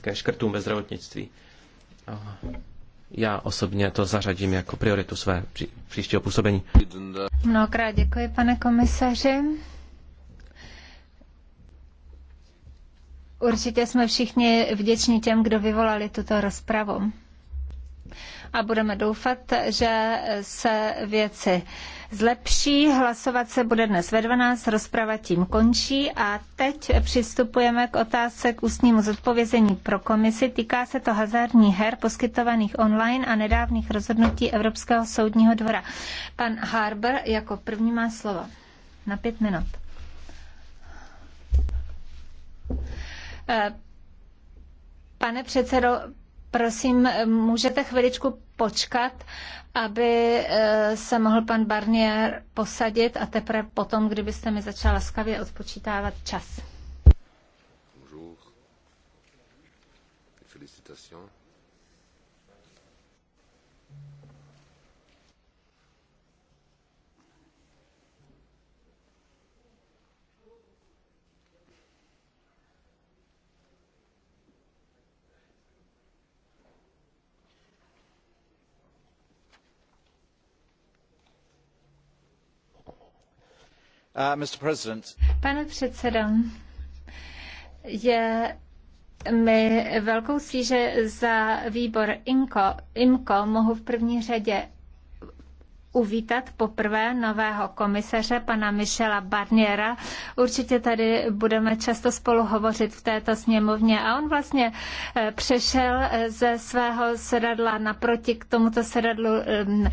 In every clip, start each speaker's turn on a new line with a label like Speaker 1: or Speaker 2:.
Speaker 1: ke škrtům ve zdravotnictví. Já osobně to zařadím jako prioritu své pří, příštího působení.
Speaker 2: Mnohokrát děkuji, pane komisaři. Určitě jsme všichni vděční těm, kdo vyvolali tuto rozpravu a budeme doufat, že se věci zlepší. Hlasovat se bude dnes ve 12, rozprava tím končí a teď přistupujeme k otázce k ústnímu zodpovězení pro komisi. Týká se to hazardní her poskytovaných online a nedávných rozhodnutí Evropského soudního dvora. Pan Harber jako první má slovo na pět minut. Eh, pane předsedo, Prosím, můžete chviličku počkat, aby eh, se mohl pan Barnier posadit a teprve potom, kdybyste mi začala laskavě odpočítávat čas.
Speaker 3: Bonjour.
Speaker 4: Félicitations.
Speaker 1: Uh,
Speaker 2: Pane předsedo, je mi velkou ctí, že za výbor IMCO, mohu v první řadě uvítat poprvé nového komisaře, pana Michela Barniera. Určitě tady budeme často spolu hovořit v této sněmovně. A on vlastně eh, přešel eh, ze svého sedadla naproti k tomuto sedadlu ehm,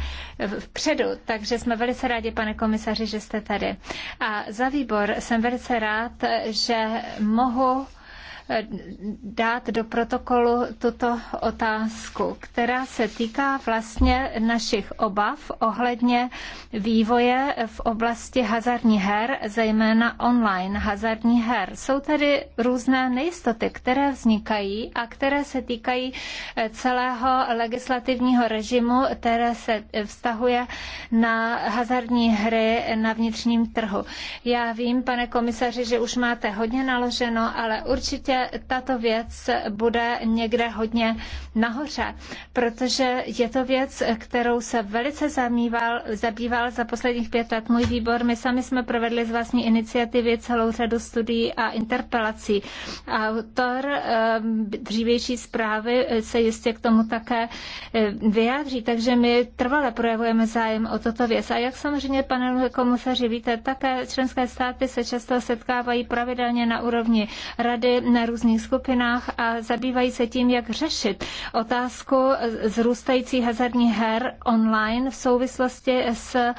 Speaker 2: vpředu. Takže jsme velice rádi, pane komisaři, že jste tady. A za výbor jsem velice rád, eh, že mohu dát do protokolu tuto otázku, která se týká vlastně našich obav ohledně vývoje v oblasti hazardní her, zejména online hazardní her. Jsou tady různé nejistoty, které vznikají a které se týkají eh, celého legislativního režimu, které se eh, vztahuje na hazardní hry na vnitřním trhu. Já vím, pane komisaři, že už máte hodně naloženo, ale určitě tato věc bude někde hodně nahoře, protože je to věc, kterou se velice zamýval, zabýval za posledních pět let můj výbor. My sami jsme provedli z vlastní iniciativy celou řadu studií a interpelací. Autor eh, dřívější zprávy se jistě k tomu také eh, vyjádří, takže my trvale projevujeme zájem o toto věc. A jak samozřejmě, pane komisaři, víte, také členské státy se často setkávají pravidelně na úrovni rady na různých skupinách a zabývají se tím, jak řešit otázku zrůstající hazardní her online v souvislosti s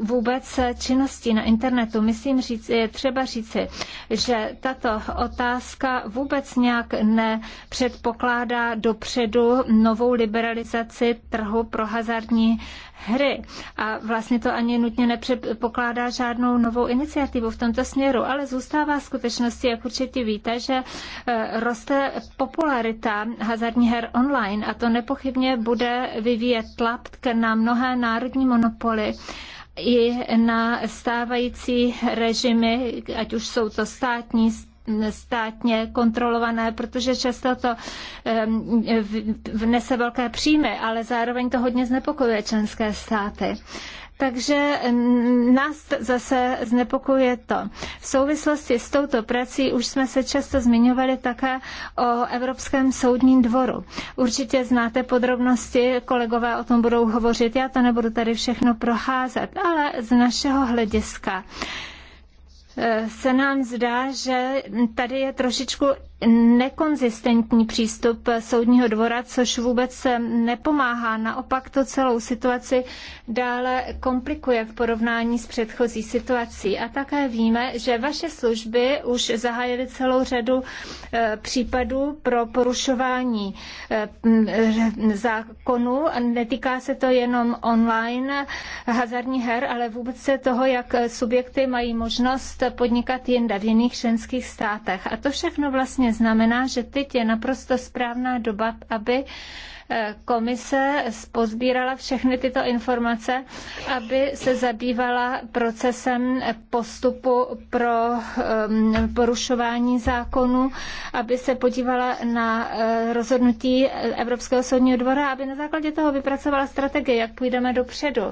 Speaker 2: vůbec činností na internetu. Myslím, říct, je třeba říci, že tato otázka vůbec nějak nepředpokládá dopředu novou liberalizaci trhu pro hazardní hry. A vlastně to ani nutně nepředpokládá žádnou novou iniciativu v tomto směru, ale zůstává skutečností, jak určitě víte, že eh, roste popularita hazardní her online a to nepochybně bude vyvíjet tlak na mnohé národní monopoly i na stávající režimy, ať už jsou to státní, státně kontrolované, protože často to vnese velké příjmy, ale zároveň to hodně znepokojuje členské státy. Takže nás zase znepokuje to. V souvislosti s touto prací už jsme se často zmiňovali také o Evropském soudním dvoru. Určitě znáte podrobnosti, kolegové o tom budou hovořit, já to nebudu tady všechno procházet, ale z našeho hlediska Eh, se nám zdá, že tady je trošičku nekonzistentní přístup soudního dvora, což vůbec nepomáhá. Naopak to celou situaci dále komplikuje v porovnání s předchozí situací. A také víme, že vaše služby už zahájily celou řadu eh, případů pro porušování eh, zákonů. Netýká se to jenom online hazardní her, ale vůbec se toho, jak subjekty mají možnost podnikat jinde v jiných členských státech. A to všechno vlastně neznamená, že teď je naprosto správná doba, aby Eh, komise pozbírala všechny tyto informace, aby se zabývala procesem postupu pro ehm, porušování zákonu, aby se podívala na eh, rozhodnutí Evropského soudního dvora, aby na základě toho vypracovala strategii, jak půjdeme dopředu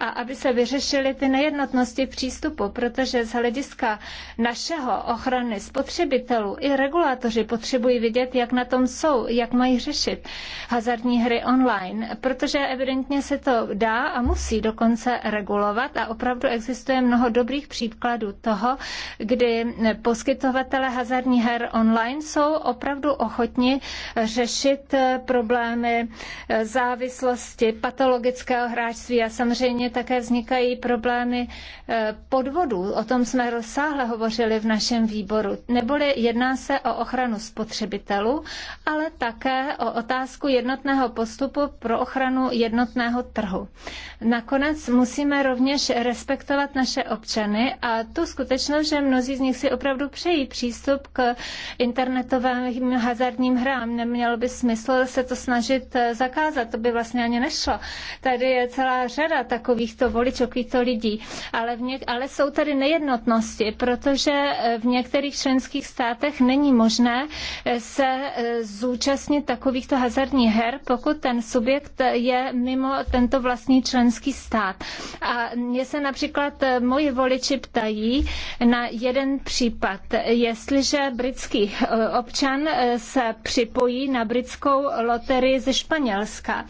Speaker 2: a aby se vyřešily ty nejednotnosti v přístupu, protože z hlediska našeho ochrany spotřebitelů i regulátoři potřebují vidět, jak na tom jsou, jak mají řešit hazard hazardní hry online, protože evidentně se to dá a musí dokonce regulovat a opravdu existuje mnoho dobrých příkladů toho, kdy poskytovatele hazardních her online jsou opravdu ochotni řešit eh, problémy eh, závislosti, patologického hráčství a samozřejmě také vznikají problémy eh, podvodů. O tom jsme rozsáhle hovořili v našem výboru. Neboli jedná se o ochranu spotřebitelů, ale také o otázku jednotného jednotného postupu pro ochranu jednotného trhu. Nakonec musíme rovněž respektovat naše občany a tu skutečnost, že mnozí z nich si opravdu přejí přístup k internetovým hazardním hrám. Nemělo by smysl se to snažit eh, zakázat, to by vlastně ani nešlo. Tady je celá řada takovýchto voličů, takovýchto lidí, ale, v něk- ale jsou tady nejednotnosti, protože eh, v některých členských státech není možné eh, se zúčastnit takovýchto hazardních her fér, pokud ten subjekt je mimo tento vlastní členský stát. A mě se například eh, moji voliči ptají na jeden případ. Jestliže britský eh, občan eh, se připojí na britskou loterii ze Španělska,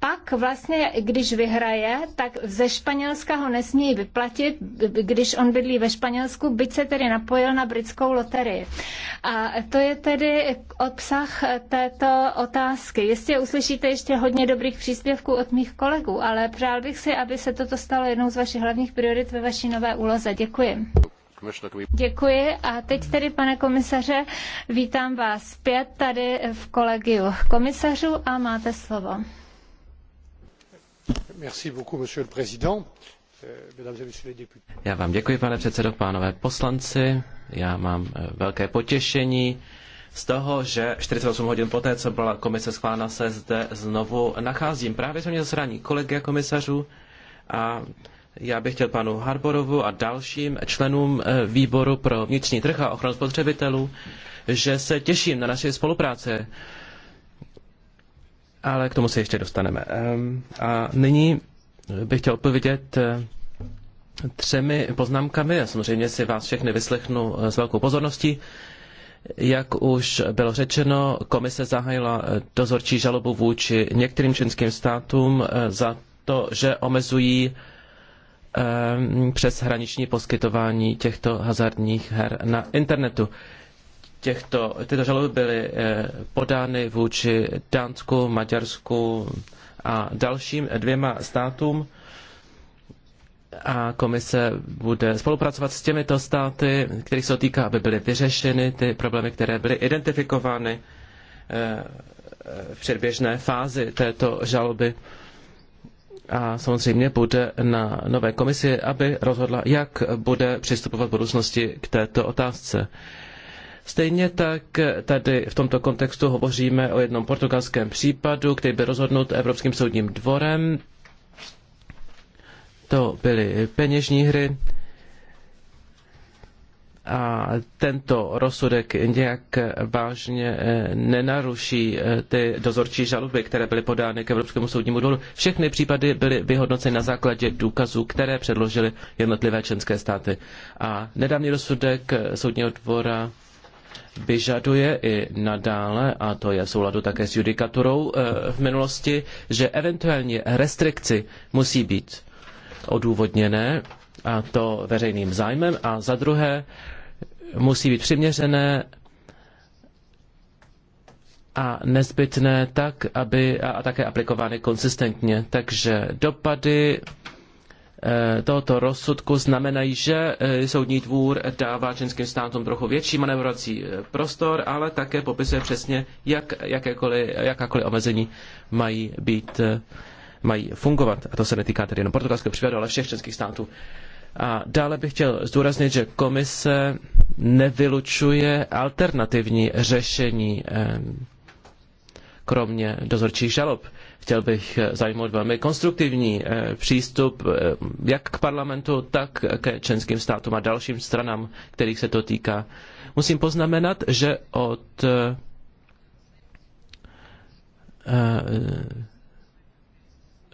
Speaker 2: pak vlastně, když vyhraje, tak ze Španělska ho nesmí vyplatit, když on bydlí ve Španělsku, byť se tedy napojil na britskou loterii. A to je tedy obsah této otázky. Jistě uslyšíte ještě hodně dobrých příspěvků od mých kolegů, ale přál bych si, aby se toto stalo jednou z vašich hlavních priorit ve vaší nové úloze. Děkuji. Děkuji a teď tedy, pane komisaře, vítám vás zpět tady v kolegiu komisařů a máte slovo.
Speaker 5: Euh,
Speaker 1: já vám děkuji, pane předsedo, pánové poslanci. Já mám eh, velké potěšení z toho, že 48 hodin poté, co byla komise schválena, se zde znovu nacházím. Právě jsme měli zasedání kolegy a komisařů a já bych chtěl panu Harborovu a dalším členům eh, výboru pro vnitřní trh a ochranu spotřebitelů, že se těším na naši spolupráci ale k tomu se ještě dostaneme. A nyní bych chtěl odpovědět eh, třemi poznámkami. A samozřejmě si vás všechny vyslechnu eh, s velkou pozorností. Jak už bylo řečeno, komise zahájila eh, dozorčí žalobu vůči některým členským státům za to, že omezují přes hraniční poskytování těchto hazardních her na internetu těchto, tyto žaloby byly eh, podány vůči Dánsku, Maďarsku a dalším dvěma státům. A komise bude spolupracovat s těmito státy, kterých se týká, aby byly vyřešeny ty problémy, které byly identifikovány eh, v předběžné fázi této žaloby. A samozřejmě bude na nové komisi, aby rozhodla, jak bude přistupovat v budoucnosti k této otázce. Stejně tak tady v tomto kontextu hovoříme o jednom portugalském případu, který byl rozhodnut Evropským soudním dvorem. To byly peněžní hry. A tento rozsudek nějak vážně eh, nenaruší eh, ty dozorčí žaloby, které byly podány k Evropskému soudnímu dvoru. Všechny případy byly vyhodnoceny na základě důkazů, které předložily jednotlivé členské státy. A nedávný rozsudek eh, soudního dvora vyžaduje i nadále, a to je v souladu také s judikaturou eh, v minulosti, že eventuální restrikci musí být odůvodněné, a to veřejným zájmem, a za druhé musí být přiměřené a nezbytné tak, aby a také aplikovány konsistentně. Takže dopady Eh, tohoto rozsudku znamenají, že eh, soudní dvůr dává členským státům trochu větší manevrovací eh, prostor, ale také popisuje přesně, jak jakákoliv omezení mají být mají fungovat. A to se netýká tedy jenom portugalského případu, ale všech členských států. A dále bych chtěl zdůraznit, že komise nevylučuje alternativní řešení kromě dozorčích žalob. Chtěl bych eh, zajmout velmi konstruktivní eh, přístup eh, jak k parlamentu, tak ke členským státům a dalším stranám, kterých se to týká. Musím poznamenat, že od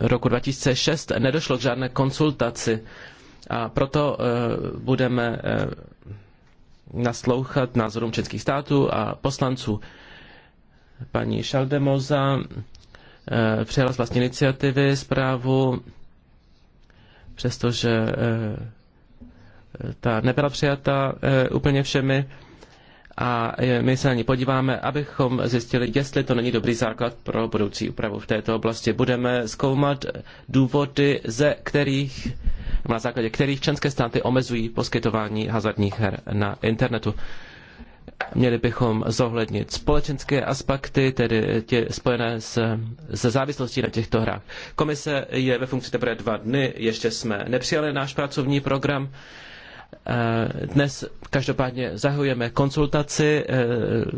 Speaker 1: roku 2006 nedošlo k žádné konsultaci a proto budeme naslouchat názorům českých států a poslanců. Paní Šaldemoza Eh, přijala z vlastní iniciativy zprávu, přestože eh, ta nebyla přijata eh, úplně všemi a my se na ní podíváme, abychom zjistili, jestli to není dobrý základ pro budoucí úpravu v této oblasti. Budeme zkoumat důvody, ze kterých na základě kterých členské státy omezují poskytování hazardních her na internetu. Měli bychom zohlednit společenské aspekty, tedy tě spojené se závislostí na těchto hrách. Komise je ve funkci teprve dva dny, ještě jsme nepřijali náš pracovní program. Eh, dnes každopádně zahajujeme konzultaci eh,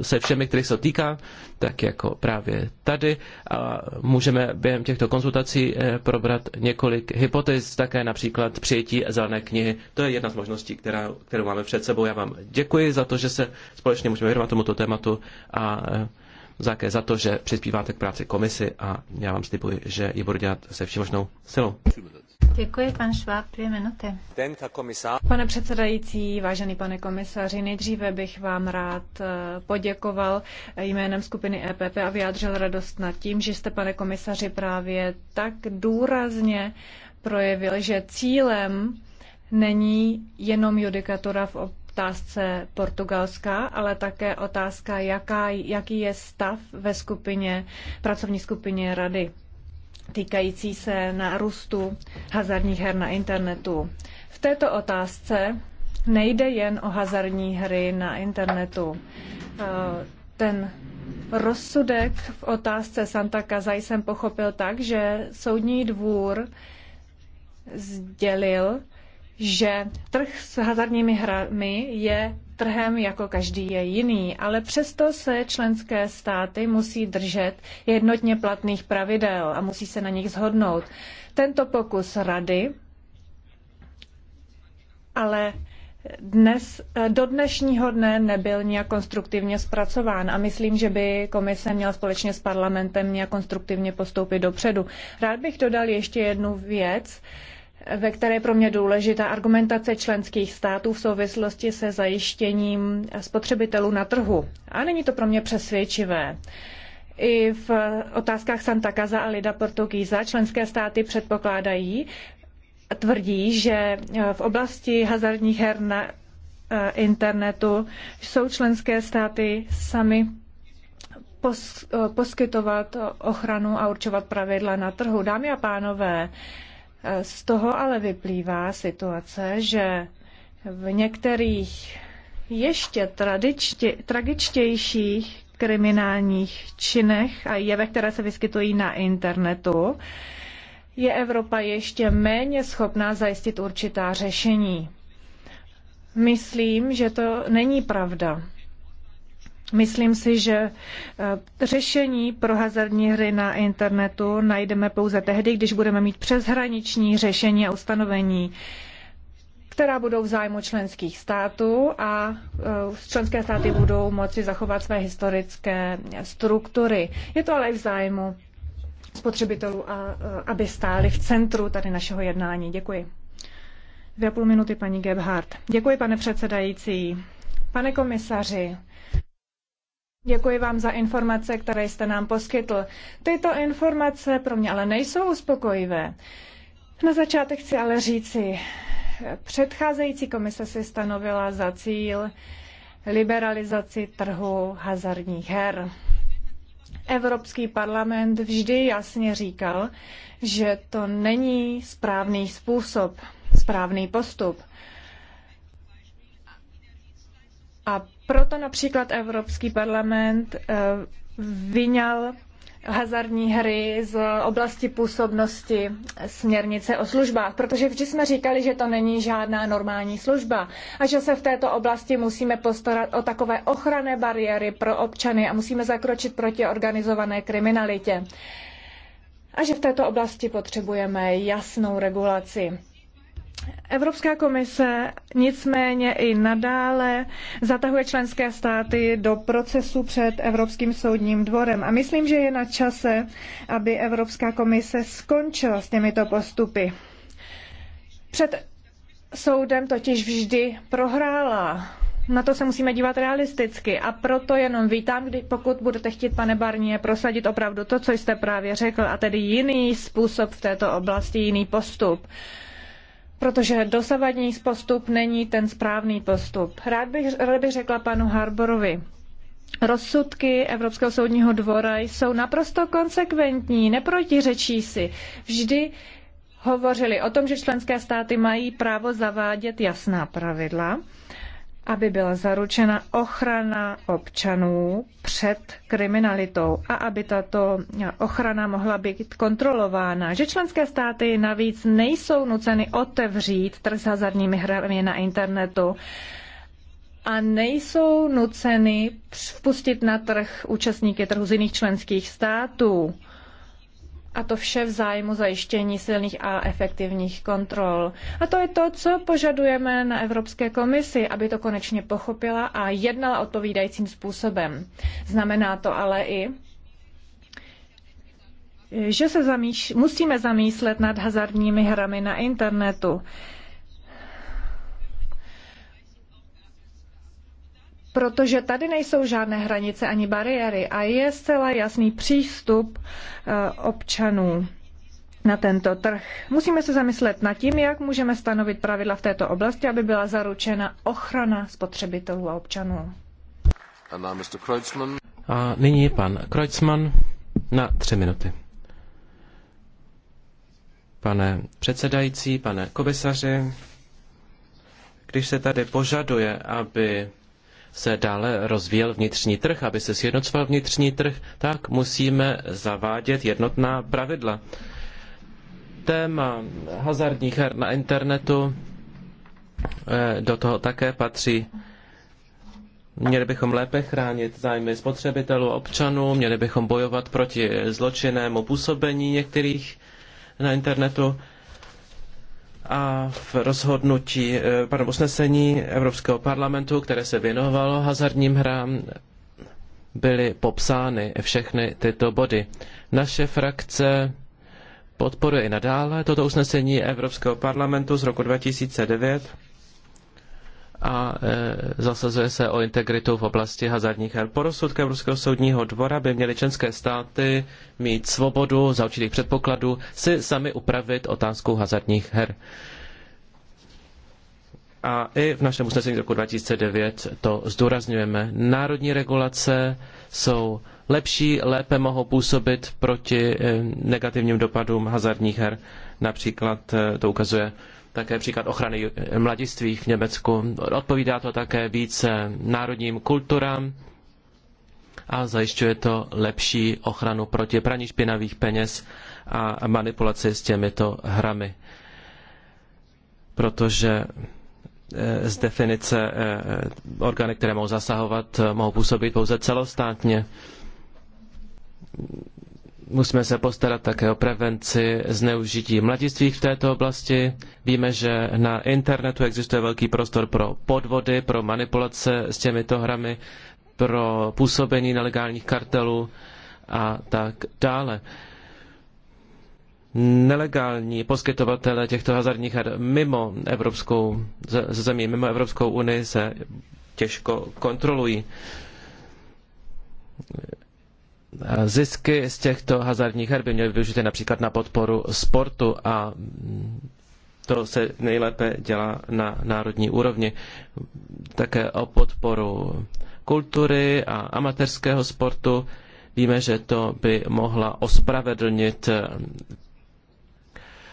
Speaker 1: se všemi, kterých se týká, tak jako právě tady. A můžeme během těchto konzultací eh, probrat několik hypotéz, také například přijetí zelené knihy. To je jedna z možností, která, kterou máme před sebou. Já vám děkuji za to, že se společně můžeme věnovat tomuto tématu a také za to, že přispíváte k práci komisy a já vám slibuji, že ji budu dělat se vším možnou silou.
Speaker 2: Děkuji, pan Šváb, dvě minuty. Pane předsedající, vážený
Speaker 5: pane komisaři, nejdříve bych vám rád eh, poděkoval jménem skupiny EPP a vyjádřil radost nad tím, že jste, pane komisaři, právě tak důrazně projevil, že cílem není jenom judikatura v otázce Portugalska, ale také otázka, jaká, jaký je stav ve skupině, pracovní skupině rady týkající se nárůstu hazardních her na internetu. V této otázce nejde jen o hazardní hry na internetu. E, ten rozsudek v otázce Santa Casa jsem pochopil tak, že soudní dvůr sdělil, že trh s hazardními hrami je trhem jako každý je jiný, ale přesto se členské státy musí držet jednotně platných pravidel a musí se na nich zhodnout. Tento pokus rady ale dnes, do dnešního dne nebyl nějak konstruktivně zpracován a myslím, že by komise měla společně s parlamentem nějak konstruktivně postoupit dopředu. Rád bych dodal ještě jednu věc. Uh, ve které je pro mě důležitá argumentace členských států v souvislosti se zajištěním spotřebitelů na trhu. A není to pro mě přesvědčivé. I v otázkách Santa Casa a Lida Portugíza členské státy předpokládají, tvrdí, že v oblasti hazardních her na eh, internetu jsou členské státy sami eh, poskytovat ochranu a určovat pravidla na trhu. Dámy a pánové, z toho ale vyplývá situace, že v některých ještě tradičtě, tragičtějších kriminálních činech a jevech, které se vyskytují na internetu, je Evropa ještě méně schopná zajistit určitá řešení. Myslím, že to není pravda. Myslím si, že eh, řešení pro hazardní hry na internetu najdeme pouze tehdy, když budeme mít přeshraniční řešení a ustanovení, která budou v zájmu členských států a eh, členské státy budou moci zachovat své historické struktury. Je to ale i v zájmu spotřebitelů, a, eh, aby stáli v centru tady našeho jednání. Děkuji. Dvě a půl minuty, paní Gebhardt. Děkuji, pane předsedající. Pane komisaři, Děkuji vám za informace, které jste nám poskytl. Tyto informace pro mě ale nejsou uspokojivé. Na začátek chci ale říci, předcházející komise si stanovila za cíl liberalizaci trhu hazardních her. Evropský parlament vždy jasně říkal, že to není správný způsob, správný postup. A proto například Evropský parlament eh, vyňal hazardní hry z oblasti působnosti směrnice o službách, protože vždy jsme říkali, že to není žádná normální služba a že se v této oblasti musíme postarat o takové ochranné bariéry pro občany a musíme zakročit proti organizované kriminalitě. A že v této oblasti potřebujeme jasnou regulaci. Evropská komise nicméně i nadále zatahuje členské státy do procesu před Evropským soudním dvorem. A myslím, že je na čase, aby Evropská komise skončila s těmito postupy. Před soudem totiž vždy prohrála. Na to se musíme dívat realisticky a proto jenom vítám, kdy, pokud budete chtít, pane Barnier, prosadit opravdu to, co jste právě řekl, a tedy jiný způsob v této oblasti, jiný postup protože dosavadní postup není ten správný postup. Rád bych, rád bych řekla panu Harborovi, Rozsudky Evropského soudního dvora jsou naprosto konsekventní, neprotiřečí si. Vždy hovořili o tom, že členské státy mají právo zavádět jasná pravidla aby byla zaručena ochrana občanů před kriminalitou a aby tato ochrana mohla být kontrolována. Že členské státy navíc nejsou nuceny otevřít trh s hazardními hrami na internetu a nejsou nuceny vpustit na trh účastníky trhu z jiných členských států. A to vše v zájmu zajištění silných a efektivních kontrol. A to je to, co požadujeme na Evropské komisi, aby to konečně pochopila a jednala odpovídajícím způsobem. Znamená to ale i, že se zamýš- musíme zamýšlet nad hazardními hrami na internetu. protože tady nejsou žádné hranice ani bariéry a je zcela jasný přístup eh, občanů na tento trh. Musíme se zamyslet nad tím, jak můžeme stanovit pravidla v této oblasti, aby byla zaručena ochrana spotřebitelů a občanů.
Speaker 1: A nyní je pan Kreutzmann na tři minuty. Pane předsedající, pane komisaři, když se tady požaduje, aby se dále rozvíjel vnitřní trh, aby se sjednocoval vnitřní trh, tak musíme zavádět jednotná pravidla. Téma hazardních her na internetu eh, do toho také patří. Měli bychom lépe chránit zájmy spotřebitelů a občanů, měli bychom bojovat proti zločinnému působení některých na internetu a v rozhodnutí, eh, pardon, usnesení Evropského parlamentu, které se věnovalo hazardním hrám, byly popsány všechny tyto body. Naše frakce podporuje i nadále toto usnesení Evropského parlamentu z roku 2009 a e, zasazuje se o integritu v oblasti hazardních her. Po rozsudku Evropského soudního dvora by měly členské státy mít svobodu za určitých předpokladů si sami upravit otázku hazardních her. A i v našem usnesení z roku 2009 to zdůrazňujeme. Národní regulace jsou lepší, lépe mohou působit proti e, negativním dopadům hazardních her. Například e, to ukazuje také příklad ochrany mladistvých v Německu. Odpovídá to také více národním kulturám a zajišťuje to lepší ochranu proti praní špinavých peněz a manipulaci s těmito hrami. Protože eh, z definice eh, orgány, které mohou zasahovat, mohou působit pouze celostátně Musíme se postarat také o prevenci zneužití mladistvých v této oblasti. Víme, že na internetu existuje velký prostor pro podvody, pro manipulace s těmito hrami, pro působení nelegálních kartelů a tak dále. Nelegální poskytovatele těchto hazardních her mimo Evropskou zemí, mimo Evropskou unii se těžko kontrolují Zisky z těchto hazardních her by měly využity například na podporu sportu a to se nejlépe dělá na národní úrovni. Také o podporu kultury a amatérského sportu. Víme, že to by mohla ospravedlnit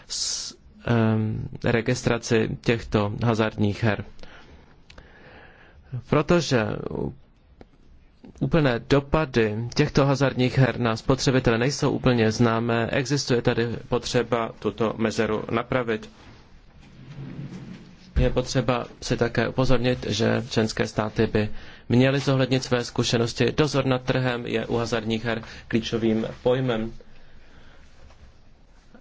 Speaker 1: s, um, registraci těchto hazardních her. Protože úplné dopady těchto hazardních her na spotřebitele nejsou úplně známé. Existuje tady potřeba tuto mezeru napravit. Je potřeba si také upozornit, že členské státy by měly zohlednit své zkušenosti. Dozor nad trhem je u hazardních her klíčovým pojmem.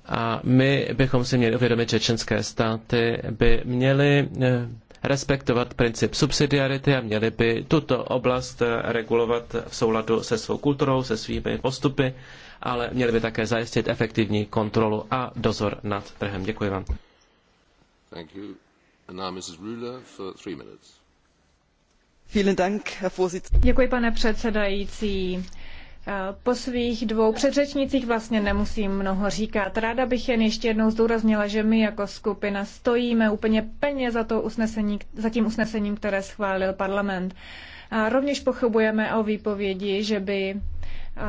Speaker 1: A my bychom si měli uvědomit, že členské státy by měly eh, respektovat princip subsidiarity a měli by tuto oblast eh, regulovat v souladu se svou kulturou, se svými postupy, ale měli by také zajistit efektivní kontrolu a dozor nad trhem. Děkuji vám.
Speaker 6: Thank you. And now Mrs. Ruler for three minutes.
Speaker 5: Děkuji, pane předsedající Eh, po svých dvou předřečnicích vlastně nemusím mnoho říkat. Ráda bych jen ještě jednou zdůraznila, že my jako skupina stojíme úplně plně za, to usnesení, za tím usnesením, které schválil parlament. A rovněž pochybujeme o výpovědi, že by eh,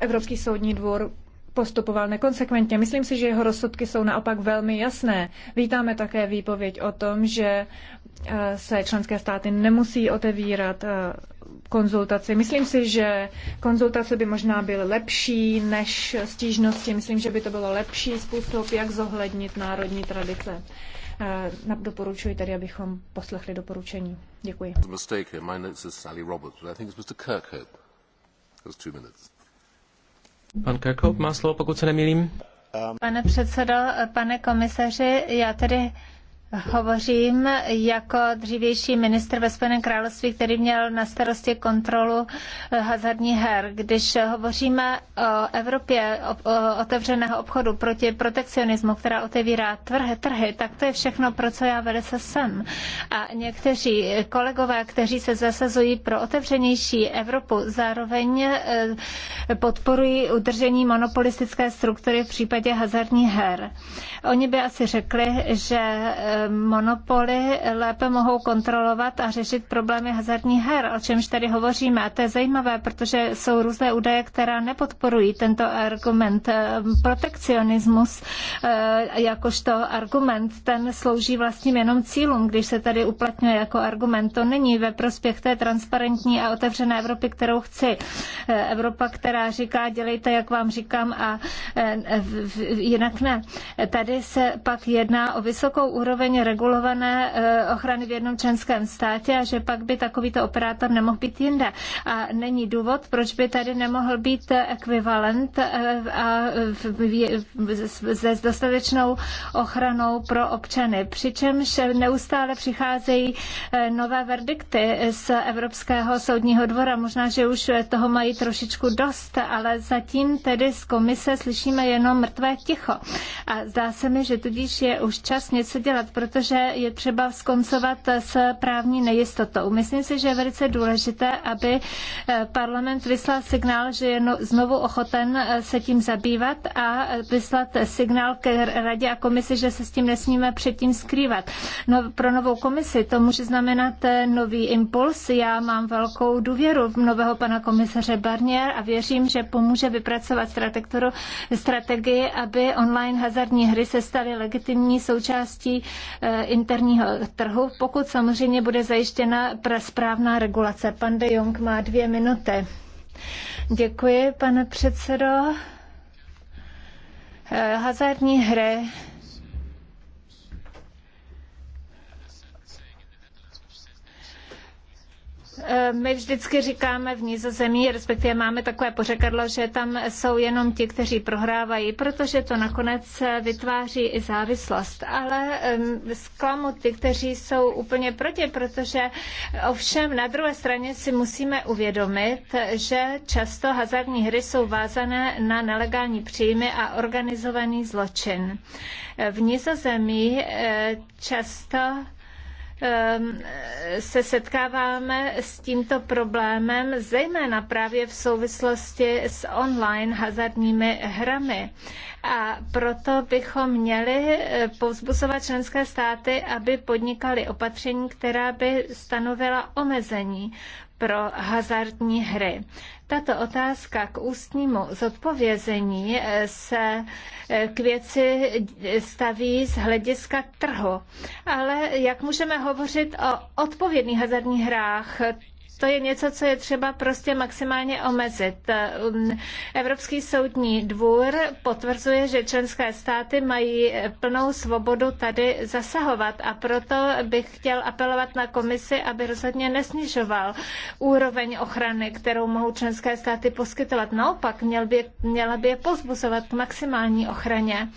Speaker 5: Evropský soudní dvůr postupoval nekonsekventně. Myslím si, že jeho rozsudky jsou naopak velmi jasné. Vítáme také výpověď o tom, že eh, se členské státy nemusí otevírat eh, konzultaci. Myslím si, že konzultace by možná byly lepší než stížnosti. Myslím, že by to bylo lepší způsob, jak zohlednit národní tradice. Eh, doporučuji tedy, abychom poslechli doporučení.
Speaker 2: Děkuji.
Speaker 1: Pan Kirkhope má slovo, pokud se nemýlím.
Speaker 2: Pane předsedo, pane komisaři, já tedy Hovořím jako dřívější ministr ve Spojeném království, který měl na starosti kontrolu eh, hazardní her. Když hovoříme o Evropě o, o otevřeného obchodu proti protekcionismu, která otevírá tvrhé trhy, tak to je všechno, pro co já velice jsem. A někteří kolegové, kteří se zasazují pro otevřenější Evropu, zároveň eh, podporují udržení monopolistické struktury v případě hazardní her. Oni by asi řekli, že eh, monopoly lépe mohou kontrolovat a řešit problémy hazardních her, o čemž tady hovoříme. A to je zajímavé, protože jsou různé údaje, která nepodporují tento argument. Protekcionismus eh, jakožto argument, ten slouží vlastním jenom cílům, když se tady uplatňuje jako argument. To není ve prospěch té transparentní a otevřené Evropy, kterou chci. Eh, Evropa, která říká, dělejte, jak vám říkám, a eh, jinak ne. Tady se pak jedná o vysokou úroveň úrovně regulované eh, ochrany v jednom členském státě a že pak by takovýto operátor nemohl být jinde. A není důvod, proč by tady nemohl být eh, ekvivalent eh, a se dostatečnou ochranou pro občany. Přičemž neustále přicházejí nové verdikty z Evropského soudního dvora. Možná, že už toho mají trošičku dost, ale zatím tedy z komise slyšíme jenom mrtvé ticho. A zdá se mi, že tudíž je už čas něco dělat, protože je třeba skoncovat s právní nejistotou. Myslím si, že je velice důležité, aby eh, parlament vyslal signál, že je no, znovu ochoten eh, se tím zabývat a eh, vyslat signál k radě a komisi, že se s tím nesmíme předtím skrývat. No, pro novou komisi to může znamenat nový impuls. Já mám velkou důvěru v nového pana komisaře Barnier a věřím, že pomůže vypracovat strategii, aby online hazardní hry se staly legitimní součástí Eh, interního trhu, pokud samozřejmě bude zajištěna správná regulace. Pan de Jong má dvě minuty. Děkuji, pane předsedo. Eh, hazardní hry Eh, my vždycky říkáme v Nizozemí, respektive máme takové pořekadlo, že tam jsou jenom ti, kteří prohrávají, protože to nakonec eh, vytváří i závislost. Ale zklamu ty, kteří jsou úplně proti, protože eh, ovšem na druhé straně si musíme uvědomit, že často hazardní hry jsou vázané na nelegální příjmy a organizovaný zločin. V Nizozemí často Ehm, se setkáváme s tímto problémem, zejména právě v souvislosti s online hazardními hrami. A proto bychom měli eh, povzbuzovat členské státy, aby podnikaly opatření, která by stanovila omezení pro hazardní hry. Tato otázka k ústnímu zodpovězení eh, se eh, k věci eh, staví z hlediska trhu. Ale jak můžeme hovořit o odpovědných hazardních hrách? to je něco, co je třeba prostě maximálně omezit. Um, Evropský soudní dvůr potvrzuje, že členské státy mají plnou svobodu tady zasahovat a proto bych chtěl apelovat na komisi, aby rozhodně nesnižoval úroveň ochrany, kterou mohou členské státy poskytovat. Naopak, měl by, měla by je pozbuzovat k maximální ochraně.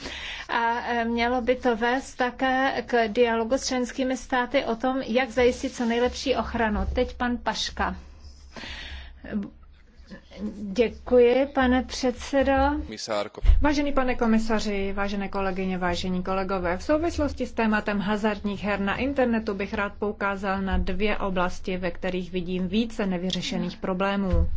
Speaker 2: A eh, mělo by to vést také k dialogu s členskými státy o tom, jak zajistit co nejlepší ochranu. Teď pan Paš Děkuji, pane předsedo.
Speaker 1: Komisárko.
Speaker 5: Vážený pane komisaři, vážené kolegyně, vážení kolegové, v souvislosti s tématem hazardních her na internetu bych rád poukázal na dvě oblasti, ve kterých vidím více nevyřešených problémů.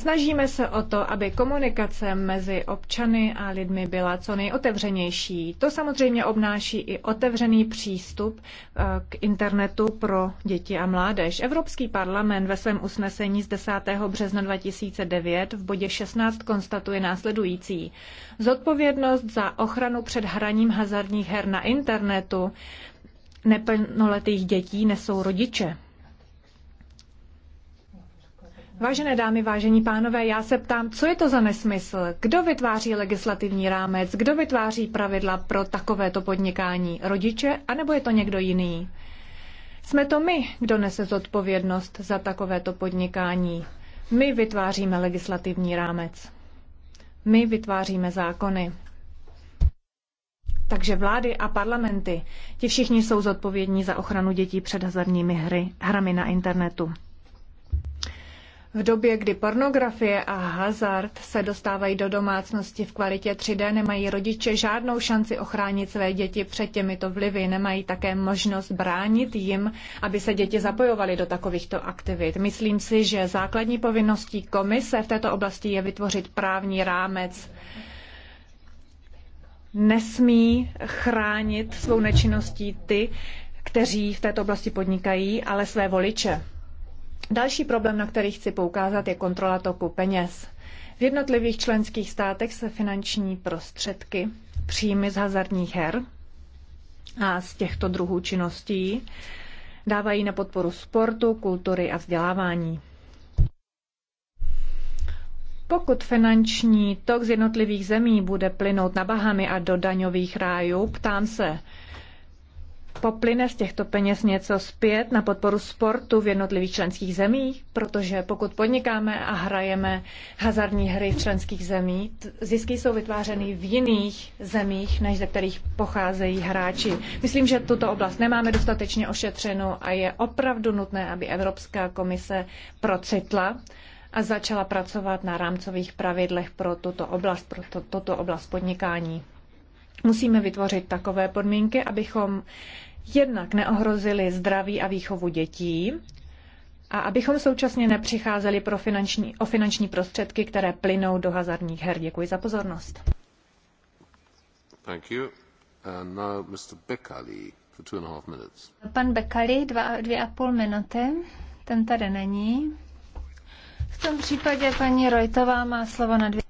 Speaker 5: Snažíme se o to, aby komunikace mezi občany a lidmi byla co nejotevřenější. To samozřejmě obnáší i otevřený přístup eh, k internetu pro děti a mládež. Evropský parlament ve svém usnesení z 10. března 2009 v bodě 16 konstatuje následující. Zodpovědnost za ochranu před hraním hazardních her na internetu neplnoletých dětí nesou rodiče. Vážené dámy, vážení pánové, já se ptám, co je to za nesmysl? Kdo vytváří legislativní rámec? Kdo vytváří pravidla pro takovéto podnikání? Rodiče? A nebo je to někdo jiný? Jsme to my, kdo nese zodpovědnost za takovéto podnikání. My vytváříme legislativní rámec. My vytváříme zákony. Takže vlády a parlamenty, ti všichni jsou zodpovědní za ochranu dětí před hazardními hry, hrami na internetu. V době, kdy pornografie a hazard se dostávají do domácnosti v kvalitě 3D, nemají rodiče žádnou šanci ochránit své děti před těmito vlivy, nemají také možnost bránit jim, aby se děti zapojovaly do takovýchto aktivit. Myslím si, že základní povinností komise v této oblasti je vytvořit právní rámec nesmí chránit svou nečinností ty, kteří v této oblasti podnikají, ale své voliče. Další problém, na který chci poukázat, je kontrola toku peněz. V jednotlivých členských státech se finanční prostředky, příjmy z hazardních her a z těchto druhů činností dávají na podporu sportu, kultury a vzdělávání. Pokud finanční tok z jednotlivých zemí bude plynout na Bahamy a do daňových rájů, ptám se, poplyne z těchto peněz něco zpět na podporu sportu v jednotlivých členských zemích, protože pokud podnikáme a hrajeme hazardní hry v členských zemí, zisky jsou vytvářeny v jiných zemích, než ze kterých pocházejí hráči. Myslím, že tuto oblast nemáme dostatečně ošetřenou a je opravdu nutné, aby Evropská komise procitla a začala pracovat na rámcových pravidlech pro tuto oblast, pro to, tuto oblast podnikání. Musíme vytvořit takové podmínky, abychom jednak neohrozili zdraví a výchovu dětí a abychom současně nepřicházeli pro finanční, o finanční prostředky, které plynou do hazardních her. Děkuji za pozornost. Thank you. And now Mr. Bekali for two and a half minutes.
Speaker 2: Pan Bekali, dva, dvě a půl minuty. Ten tady není. V tom případě paní Rojtová má slovo na dvě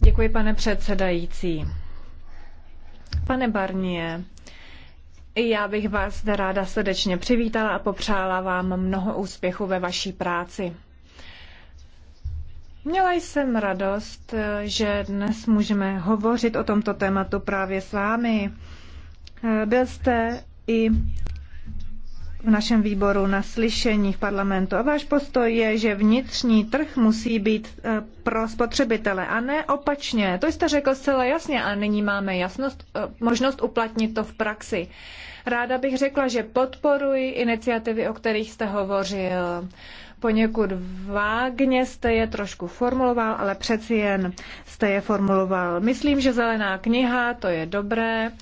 Speaker 5: Děkuji, pane předsedající. Pane Barnier, já bych vás zde ráda srdečně přivítala a popřála vám mnoho úspěchů ve vaší práci. Měla jsem radost, že dnes můžeme hovořit o tomto tématu právě s vámi. Byl jste i v našem výboru na slyšení v parlamentu. A váš postoj je, že vnitřní trh musí být eh, pro spotřebitele a ne opačně. To jste řekl zcela jasně a nyní máme jasnost, eh, možnost uplatnit to v praxi. Ráda bych řekla, že podporuji iniciativy, o kterých jste hovořil Poněkud vágně jste je trošku formuloval, ale přeci jen jste je formuloval. Myslím, že zelená kniha, to je dobré.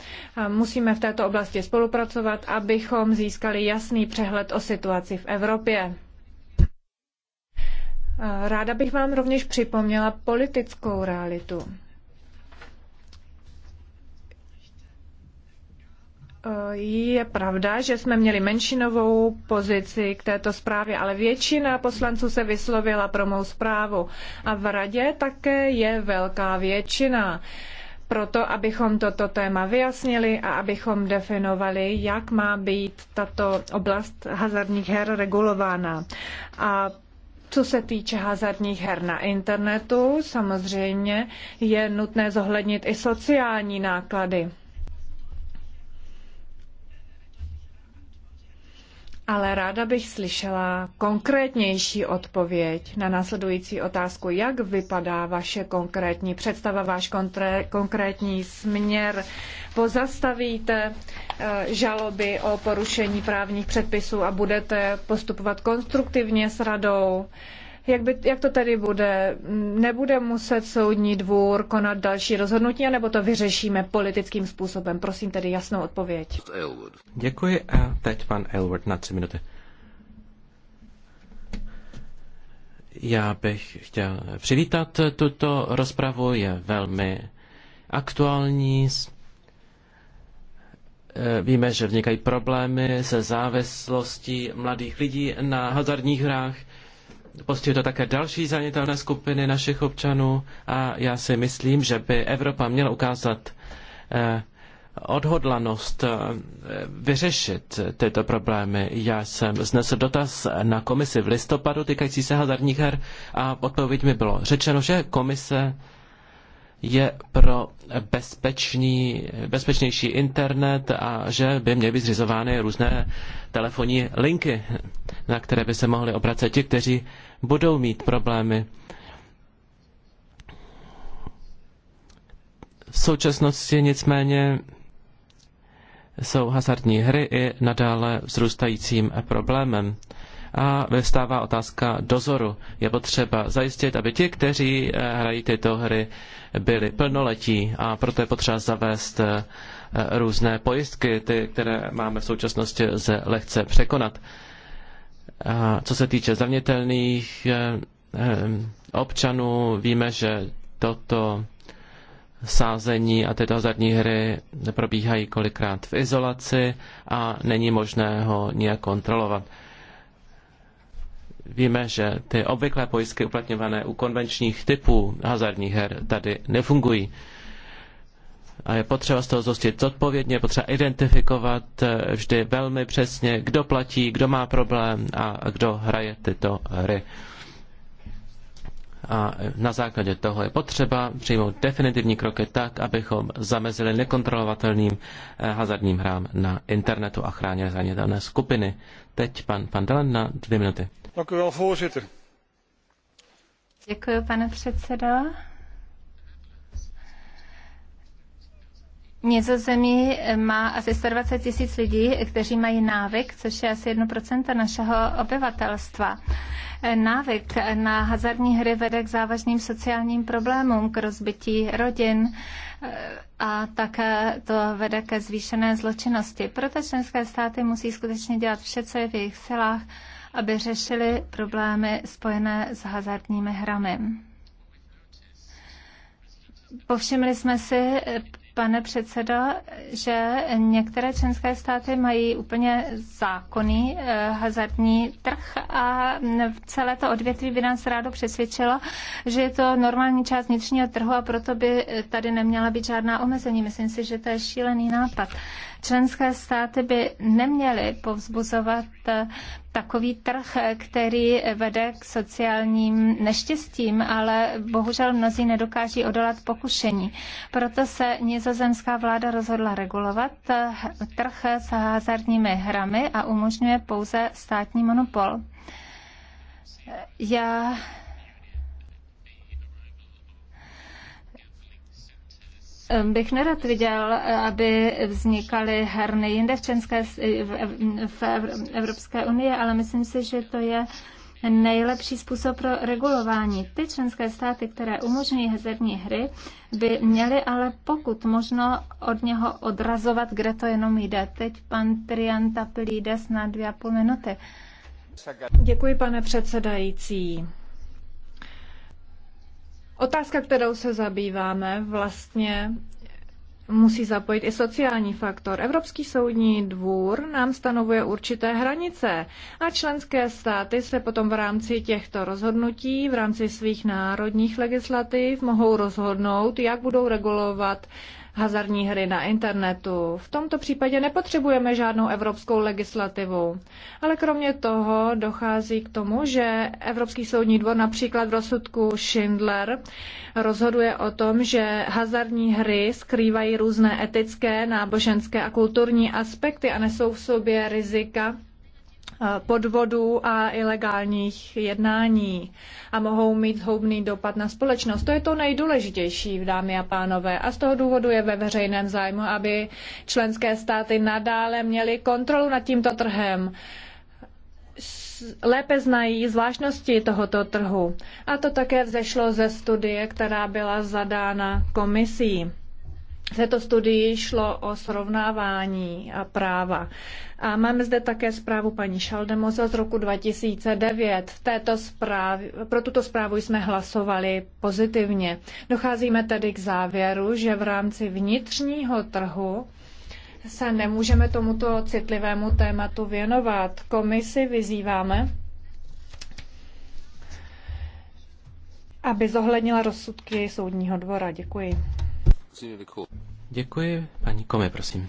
Speaker 5: Musíme v této oblasti spolupracovat, abychom získali jasný přehled o situaci v Evropě. Ráda bych vám rovněž připomněla politickou realitu. Je pravda, že jsme měli menšinovou pozici k této zprávě, ale většina poslanců se vyslovila pro mou zprávu. A v radě také je velká většina. Proto, abychom toto téma vyjasnili a abychom definovali, jak má být tato oblast hazardních her regulována. A co se týče hazardních her na internetu, samozřejmě je nutné zohlednit i sociální náklady. ale ráda bych slyšela konkrétnější odpověď na následující otázku. Jak vypadá vaše konkrétní představa, váš kontré, konkrétní směr? Pozastavíte eh, žaloby o porušení právních předpisů a budete postupovat konstruktivně s radou? Uh, jak, by, jak to tedy bude? Nebude muset soudní dvůr konat další rozhodnutí, nebo to vyřešíme politickým způsobem? Prosím tedy jasnou odpověď.
Speaker 1: Děkuji a teď pan Elwood na tři minuty. Já bych chtěl přivítat tuto rozpravu, je velmi aktuální. Víme, že vznikají problémy se závislostí mladých lidí na hazardních hrách postihuje to také další zranitelné skupiny našich občanů a já si myslím, že by Evropa měla ukázat eh, odhodlanost eh, vyřešit tyto problémy. Já jsem znesl dotaz na komisi v listopadu týkající se hazardních her a odpověď mi bylo řečeno, že komise je pro bezpečný, bezpečnější internet a že by měly být zřizovány různé telefonní linky na které by se mohli obracet ti, kteří budou mít problémy. V současnosti nicméně jsou hazardní hry i nadále vzrůstajícím problémem. A vystává otázka dozoru. Je potřeba zajistit, aby ti, kteří eh, hrají tyto hry, byli plnoletí a proto je potřeba zavést eh, různé pojistky, ty, které máme v současnosti, lze lehce překonat co se týče zranitelných eh, eh, občanů, víme, že toto sázení a tyto hazardní hry probíhají kolikrát v izolaci a není možné ho nijak kontrolovat. Víme, že ty obvyklé pojistky uplatňované u konvenčních typů hazardních her tady nefungují a je potřeba z toho zostit zodpovědně, je potřeba identifikovat eh, vždy velmi přesně, kdo platí, kdo má problém a kdo hraje tyto hry. A na základě toho je potřeba přijmout definitivní kroky tak, abychom zamezili nekontrolovatelným eh, hazardním hrám na internetu a chránili zranitelné skupiny. Teď pan, pan Delen na dvě minuty.
Speaker 2: Děkuji, pane předsedo. Nizozemí eh, má asi 120 tisíc lidí, kteří mají návyk, což je asi 1% našeho obyvatelstva. Eh, návyk na hazardní hry vede k závažným sociálním problémům, k rozbití rodin eh, a také to vede ke zvýšené zločinnosti. Proto členské státy musí skutečně dělat vše, co je v jejich silách, aby řešili problémy spojené s hazardními hrami. Povšimli jsme si pane předsedo, že některé členské státy mají úplně zákonný eh, hazardní trh a celé to odvětví by nás rádo přesvědčilo, že je to normální část vnitřního trhu a proto by tady neměla být žádná omezení. Myslím si, že to je šílený nápad. Členské státy by neměly povzbuzovat eh, takový trh, eh, který vede k sociálním neštěstím, ale bohužel mnozí nedokáží odolat pokušení. Proto se nizozemská vláda rozhodla regulovat eh, trh s hazardními hrami a umožňuje pouze státní monopol. Já Ehm, bych nerad viděl, eh, aby vznikaly herny jinde v, České, v Evropské unii, ale myslím si, že to je nejlepší způsob pro regulování. Ty členské státy, které umožňují hazardní hry, by měly ale pokud možno od něho odrazovat, kde to jenom jde. Teď pan Trianta Tapilides na dvě a půl minuty. Děkuji, pane předsedající.
Speaker 5: Otázka, kterou se zabýváme, vlastně musí zapojit i sociální faktor. Evropský soudní dvůr nám stanovuje určité hranice a členské státy se potom v rámci těchto rozhodnutí, v rámci svých národních legislativ mohou rozhodnout, jak budou regulovat hazardní hry na internetu. V tomto případě nepotřebujeme žádnou evropskou legislativu. Ale kromě toho dochází k tomu, že Evropský soudní dvor například v rozsudku Schindler rozhoduje o tom, že hazardní hry skrývají různé etické, náboženské a kulturní aspekty a nesou v sobě rizika podvodů a ilegálních jednání a mohou mít zhoubný dopad na společnost. To je to nejdůležitější, dámy a pánové. A z toho důvodu je ve veřejném zájmu, aby členské státy nadále měly kontrolu nad tímto trhem lépe znají zvláštnosti tohoto trhu. A to také vzešlo ze studie, která byla zadána komisí v této studii šlo o srovnávání práva. A máme zde také zprávu paní Šaldemoza z roku 2009. Této zprávy, pro tuto zprávu jsme hlasovali pozitivně. Docházíme tedy k závěru, že v rámci vnitřního trhu se nemůžeme tomuto citlivému tématu věnovat. Komisi vyzýváme, aby zohlednila rozsudky soudního dvora. Děkuji.
Speaker 1: Děkuji. Paní Kome, prosím.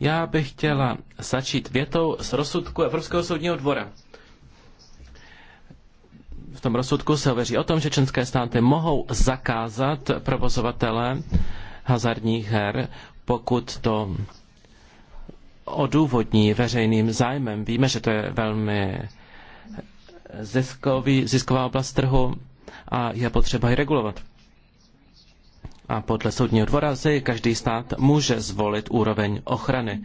Speaker 1: Já bych chtěla začít větou z rozsudku Evropského soudního dvora. V tom rozsudku se hovoří o tom, že členské státy mohou zakázat provozovatele hazardních her, pokud to odůvodní veřejným zájmem. Víme, že to je velmi ziskový, zisková oblast trhu a je potřeba ji regulovat. A podle soudního dvora si každý stát může zvolit úroveň ochrany.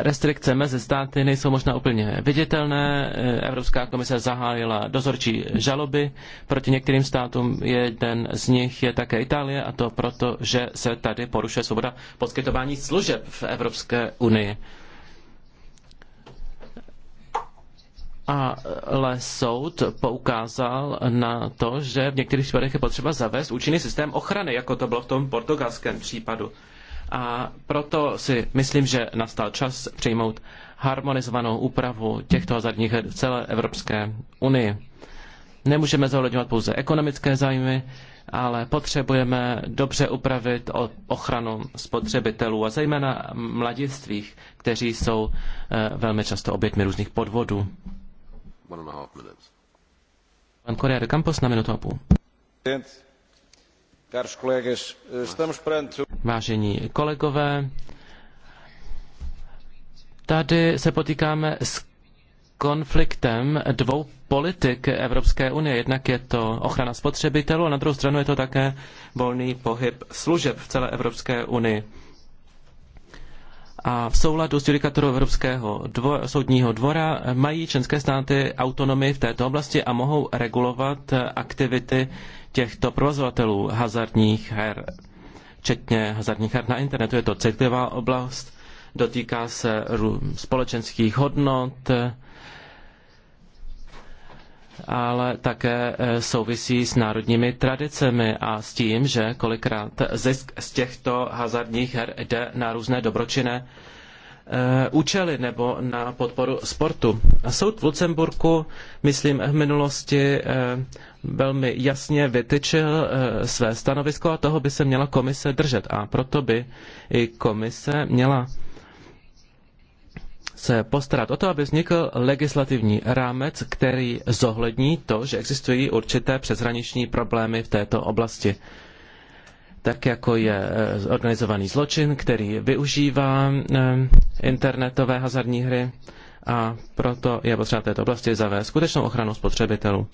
Speaker 1: Restrikce mezi státy nejsou možná úplně viditelné. Evropská komise zahájila dozorčí žaloby proti některým státům. Jeden z nich je také Itálie a to proto, že se tady porušuje svoboda poskytování služeb v Evropské unii. ale soud poukázal na to, že v některých případech je potřeba zavést účinný systém ochrany, jako to bylo v tom portugalském případu. A proto si myslím, že nastal čas přijmout harmonizovanou úpravu těchto hazardních her v celé Evropské unii. Nemůžeme zohledňovat pouze ekonomické zájmy, ale potřebujeme dobře upravit ochranu spotřebitelů a zejména mladistvých, kteří jsou eh, velmi často oběťmi různých podvodů one and a half minutes. Pan Correa de Campos na minutu a půl. Vážení kolegové, tady se potýkáme s konfliktem dvou politik Evropské unie. Jednak je to ochrana spotřebitelů a na druhou stranu je to také volný pohyb služeb v celé Evropské unii a v souladu s judikaturou Evropského soudního dvora mají členské státy autonomii v této oblasti a mohou regulovat aktivity těchto provozovatelů hazardních her, včetně hazardních her na internetu. Je to citlivá oblast, dotýká se společenských hodnot, ale také eh, souvisí s národními tradicemi a s tím, že kolikrát zisk z těchto hazardních her jde na různé dobročinné eh, účely nebo na podporu sportu. Soud v Lucemburku, myslím, v minulosti eh, velmi jasně vytyčil své stanovisko a toho by se měla komise držet. A proto by i komise měla se postarat o to, aby vznikl legislativní rámec, který zohlední to, že existují určité přeshraniční problémy v této oblasti. Tak jako je eh, organizovaný zločin, který využívá eh, internetové hazardní hry a proto je potřeba v této oblasti zavést skutečnou ochranu spotřebitelů.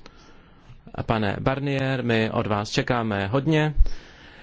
Speaker 1: Pane Barnier, my od vás čekáme hodně.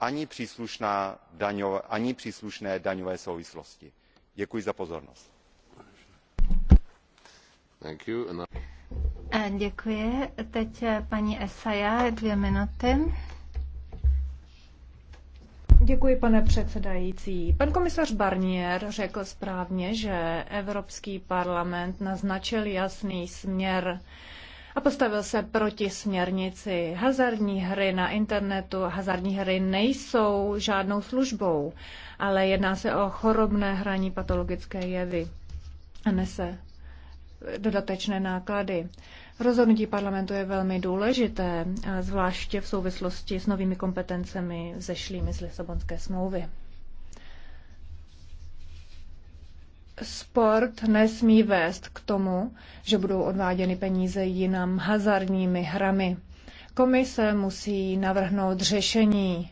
Speaker 4: ani, daňové, ani příslušné daňové souvislosti. děkuji za
Speaker 7: pozornost.
Speaker 2: Děkuji. Teď eh, paní Esaja, dvě minuty.
Speaker 5: Děkuji, pane předsedající. Pan komisař Barnier řekl správně, že Evropský parlament naznačil jasný směr a postavil se proti směrnici. Hazardní hry na internetu, hazardní hry nejsou žádnou službou, ale jedná se o chorobné hraní patologické jevy a nese dodatečné náklady. Rozhodnutí parlamentu je velmi důležité, zvláště v souvislosti s novými kompetencemi zešlými z Lisabonské smlouvy. sport nesmí vést k tomu, že budou odváděny peníze jinam hazardními hrami. Komise musí navrhnout řešení,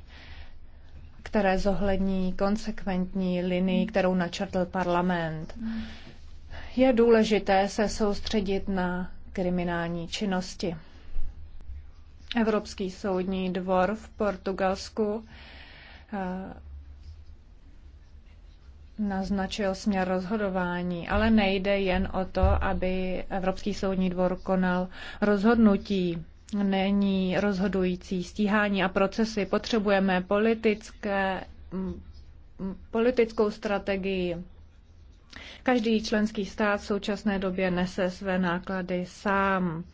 Speaker 5: které zohlední konsekventní linii, kterou načrtl parlament. Je důležité se soustředit na kriminální činnosti. Evropský soudní dvor v Portugalsku eh, naznačil směr rozhodování, ale nejde jen o to, aby Evropský soudní dvor konal rozhodnutí. Není rozhodující stíhání a procesy. Potřebujeme politické, politickou strategii. Každý členský stát v současné době nese své náklady sám.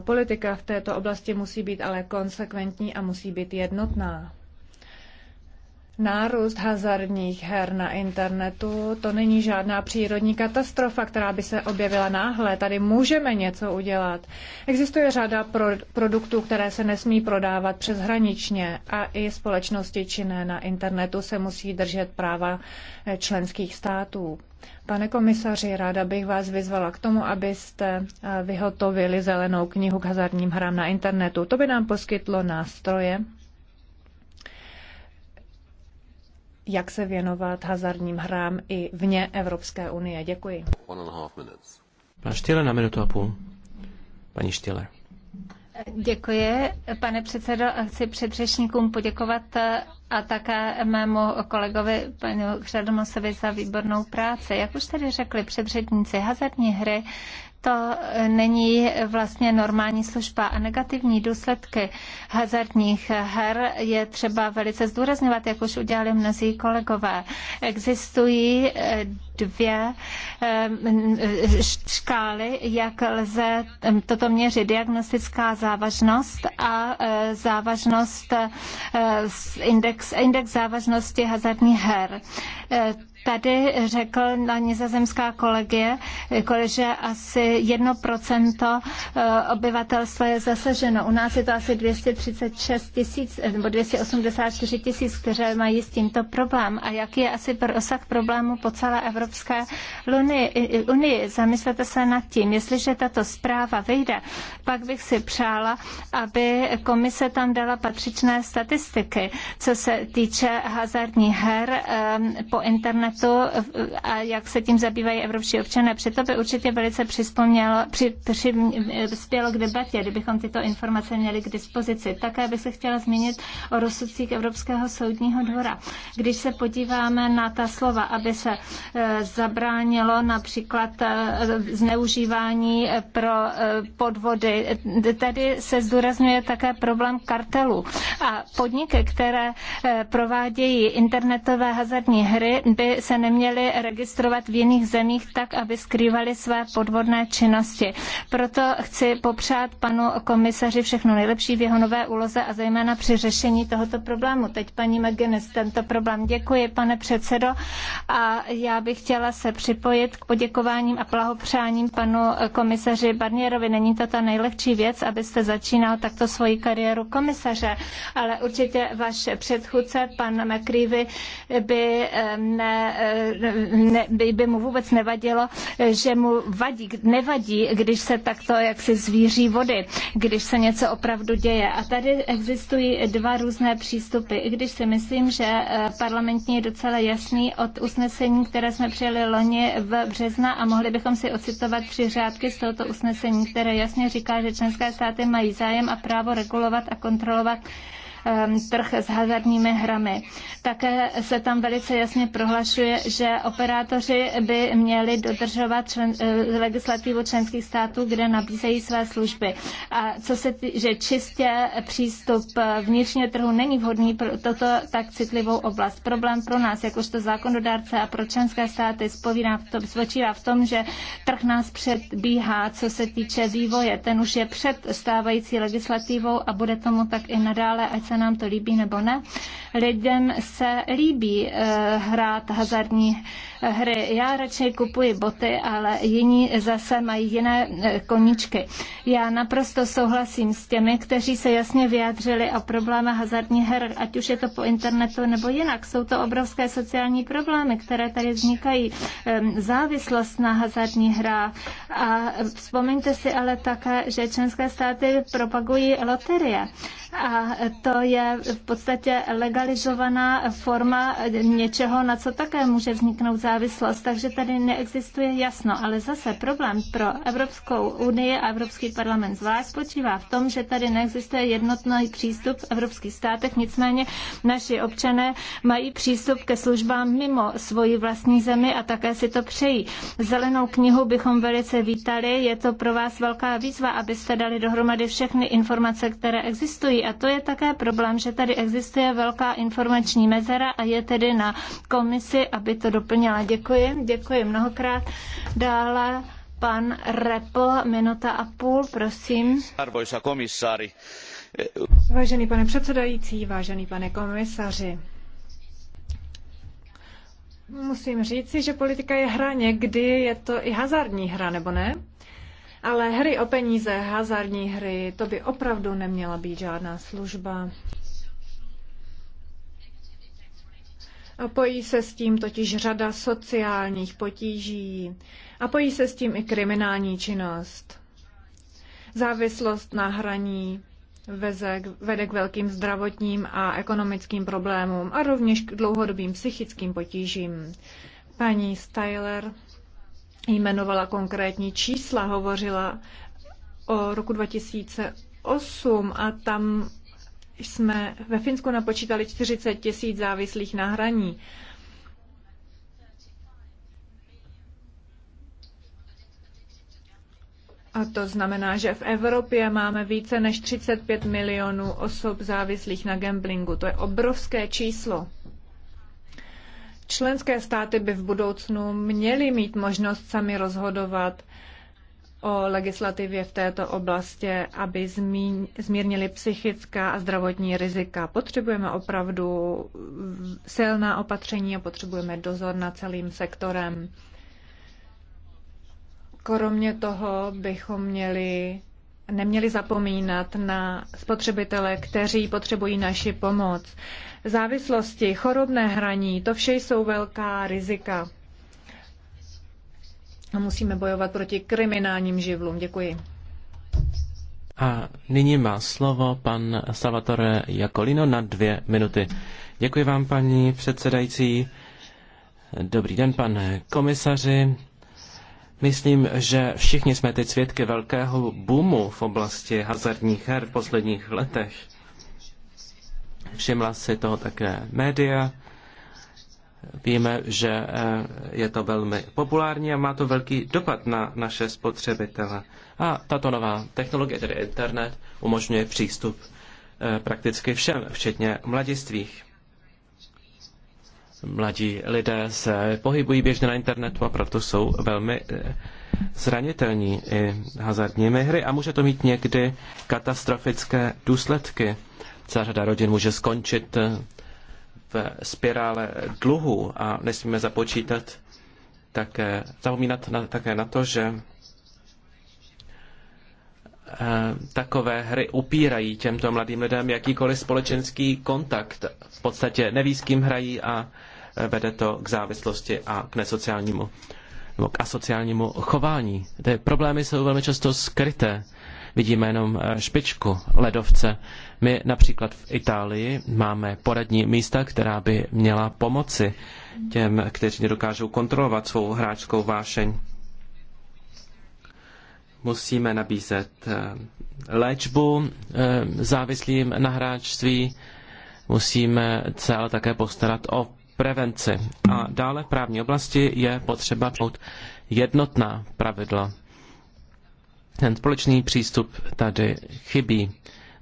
Speaker 5: Politika v této oblasti musí být ale konsekventní a musí být jednotná. Nárůst hazardních her na internetu to není žádná přírodní katastrofa, která by se objevila náhle. Tady můžeme něco udělat. Existuje řada pro- produktů, které se nesmí prodávat přeshraničně a i společnosti činné na internetu se musí držet práva eh, členských států. Pane komisaři, ráda bych vás vyzvala k tomu, abyste eh, vyhotovili zelenou knihu k hazardním hrám na internetu. To by nám poskytlo nástroje jak se věnovat hazardním hrám
Speaker 2: i vně Evropské unie. Děkuji.
Speaker 1: Pan Štěle na minutu a půl. Paní Štěle.
Speaker 2: Děkuji, pane předsedo, a chci předřečníkům poděkovat a také mému kolegovi panu Křadonosovi za výbornou práci. Jak už tady řekli předředníci, hazardní hry to není vlastně normální služba a negativní důsledky hazardních her je třeba velice zdůrazňovat, jak už udělali mnozí kolegové. Existují eh, dvě eh, škály, jak lze hm, toto měřit. Diagnostická závažnost a eh, závažnost index index závaznosti hazardních her eh, tady řekl na nizozemská kolegie, že asi 1% eh, obyvatelstva je zasaženo. U nás je to asi 236 tisíc eh, nebo 284 tisíc, které mají s tímto problém. A jaký je asi rozsah problému po celé Evropské unii? Zamyslete se nad tím. Jestliže tato zpráva vyjde, pak bych si přála, aby komise tam dala patřičné statistiky, co se týče hazardní her eh, po internetu na to a jak se tím zabývají evropští občané. Přitom by určitě velice přispomnělo, při, při, k debatě, kdybychom tyto informace měli k dispozici. Také bych se chtěla zmínit o rozsudcích Evropského soudního dvora. Když se podíváme na ta slova, aby se eh, zabránilo například eh, zneužívání eh, pro podvody, tady se zdůrazňuje také problém kartelu A podniky, které provádějí internetové hazardní hry, by se neměli registrovat v jiných zemích tak, aby skrývali své podvodné činnosti. Proto chci popřát panu komisaři všechno nejlepší v jeho nové úloze a zejména při řešení tohoto problému. Teď paní McGuinness tento problém. Děkuji, pane předsedo. A já bych chtěla se připojit k poděkováním a blahopřáním panu komisaři Barnierovi. Není to ta nejlehčí věc, abyste začínal takto svoji kariéru komisaře, ale určitě váš předchůdce, pan McCreevy, by ne ne, by mu vůbec nevadilo, že mu vadí, nevadí, když se takto jaksi zvíří vody, když se něco opravdu děje. A tady existují dva různé přístupy. I když si myslím, že eh, parlamentní je docela jasný od usnesení, které jsme přijeli loni v března a mohli bychom si ocitovat tři řádky z tohoto usnesení, které jasně říká, že členské státy mají zájem a právo regulovat a kontrolovat Um, trh s hazardními hrami. Také se tam velice jasně prohlašuje, že operátoři by měli dodržovat člen, eh, legislativu členských států, kde nabízejí své služby. A co se tý, že čistě přístup eh, vnitřního trhu není vhodný pro toto tak citlivou oblast. Problém pro nás, jakožto zákonodárce a pro členské státy, spovídá v tom, spočívá v tom, že trh nás předbíhá, co se týče vývoje. Ten už je před stávající legislativou a bude tomu tak i nadále, ať se nám to líbí nebo ne, lidem se líbí eh, hrát hazardní hry. Já radši kupuji boty, ale jiní zase mají jiné eh, koníčky. Já naprosto souhlasím s těmi, kteří se jasně vyjádřili o problémy hazardní her, ať už je to po internetu nebo jinak. Jsou to obrovské sociální problémy, které tady vznikají. Eh, závislost na hazardní hra. A vzpomeňte si ale také, že členské státy propagují loterie. A to je v podstatě legalizovaná forma něčeho, na co také může vzniknout závislost, takže tady neexistuje jasno. Ale zase problém pro Evropskou unii a Evropský parlament zvlášť spočívá v tom, že tady neexistuje jednotný přístup v evropských státech, nicméně naši občané mají přístup ke službám mimo svoji vlastní zemi a také si to přejí. Zelenou knihu bychom velice vítali, je to pro vás velká výzva, abyste dali dohromady všechny informace, které existují a to je také pro problém, že tady existuje velká informační mezera a je tedy na komisi, aby to doplnila. Děkuji, děkuji mnohokrát. Dále pan Repl, minuta a půl, prosím.
Speaker 1: Arvoisa komisáři.
Speaker 2: Vážený pane předsedající,
Speaker 5: vážený pane komisaři, Musím říci, že politika je hra někdy, je to i hazardní hra, nebo ne? Ale hry o peníze, hazardní hry, to by opravdu neměla být žádná služba. A pojí se s tím totiž řada sociálních potíží a pojí se s tím i kriminální činnost. Závislost na hraní veze, vede k velkým zdravotním a ekonomickým problémům a rovněž k dlouhodobým psychickým potížím. Paní Styler jmenovala konkrétní čísla, hovořila o roku 2008 a tam jsme ve Finsku napočítali 40 tisíc závislých na hraní. A to znamená, že v Evropě máme více než 35 milionů osob závislých na gamblingu. To je obrovské číslo. Členské státy by v budoucnu měly mít možnost sami rozhodovat o legislativě v této oblasti, aby zmírnili psychická a zdravotní rizika. Potřebujeme opravdu silná opatření a potřebujeme dozor na celým sektorem. Kromě toho bychom měli neměli zapomínat na spotřebitele, kteří potřebují naši pomoc. Závislosti, chorobné hraní, to vše jsou velká rizika. A musíme bojovat proti kriminálním živlům. Děkuji.
Speaker 1: A nyní má slovo pan Salvatore Jakolino na dvě minuty. Děkuji vám, paní předsedající. Dobrý den, pane komisaři. Myslím, že všichni jsme teď svědky velkého boomu v oblasti hazardních her v posledních letech. Všimla si toho také média. Víme, že eh, je to velmi populární a má to velký dopad na naše spotřebitele. A tato nová technologie, tedy internet, umožňuje přístup eh, prakticky všem, včetně mladistvých. Mladí lidé se pohybují běžně na internetu a proto jsou velmi eh, zranitelní i hazardními hry a může to mít někdy katastrofické důsledky. Celá řada rodin může skončit eh, v spirále dluhů a nesmíme započítat také, zapomínat na, také na to, že eh, takové hry upírají těmto mladým lidem jakýkoliv společenský kontakt. V podstatě neví, s kým hrají a vede to k závislosti a k nesociálnímu nebo k asociálnímu chování. Ty problémy jsou velmi často skryté. Vidíme jenom eh, špičku ledovce. My například v Itálii máme poradní místa, která by měla pomoci těm, kteří nedokážou kontrolovat svou hráčskou vášeň. Musíme nabízet eh, léčbu eh, závislým na hráčství, musíme se ale také postarat o prevenci. A dále v právní oblasti je potřeba přijmout jednotná pravidla. Ten společný přístup tady chybí.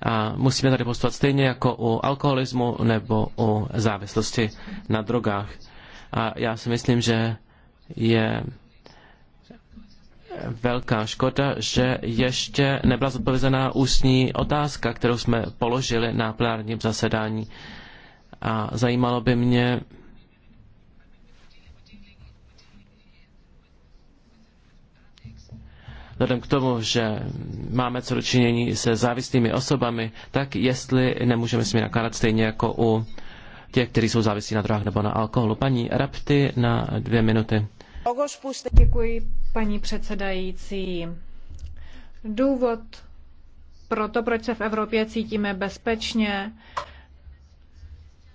Speaker 1: A musíme tady postupovat stejně jako u alkoholismu nebo u závislosti na drogách. A já si myslím, že je velká škoda, že ještě nebyla zodpovězená ústní otázka, kterou jsme položili na plenárním zasedání. A zajímalo by mě, vzhledem k tomu, že máme co dočinění se závislými osobami, tak jestli nemůžeme s nimi nakládat stejně jako u těch, kteří jsou závislí na drogách nebo na alkoholu. Paní Rapty na dvě minuty.
Speaker 5: Děkuji, paní předsedající. Důvod pro to, proč se v Evropě cítíme bezpečně,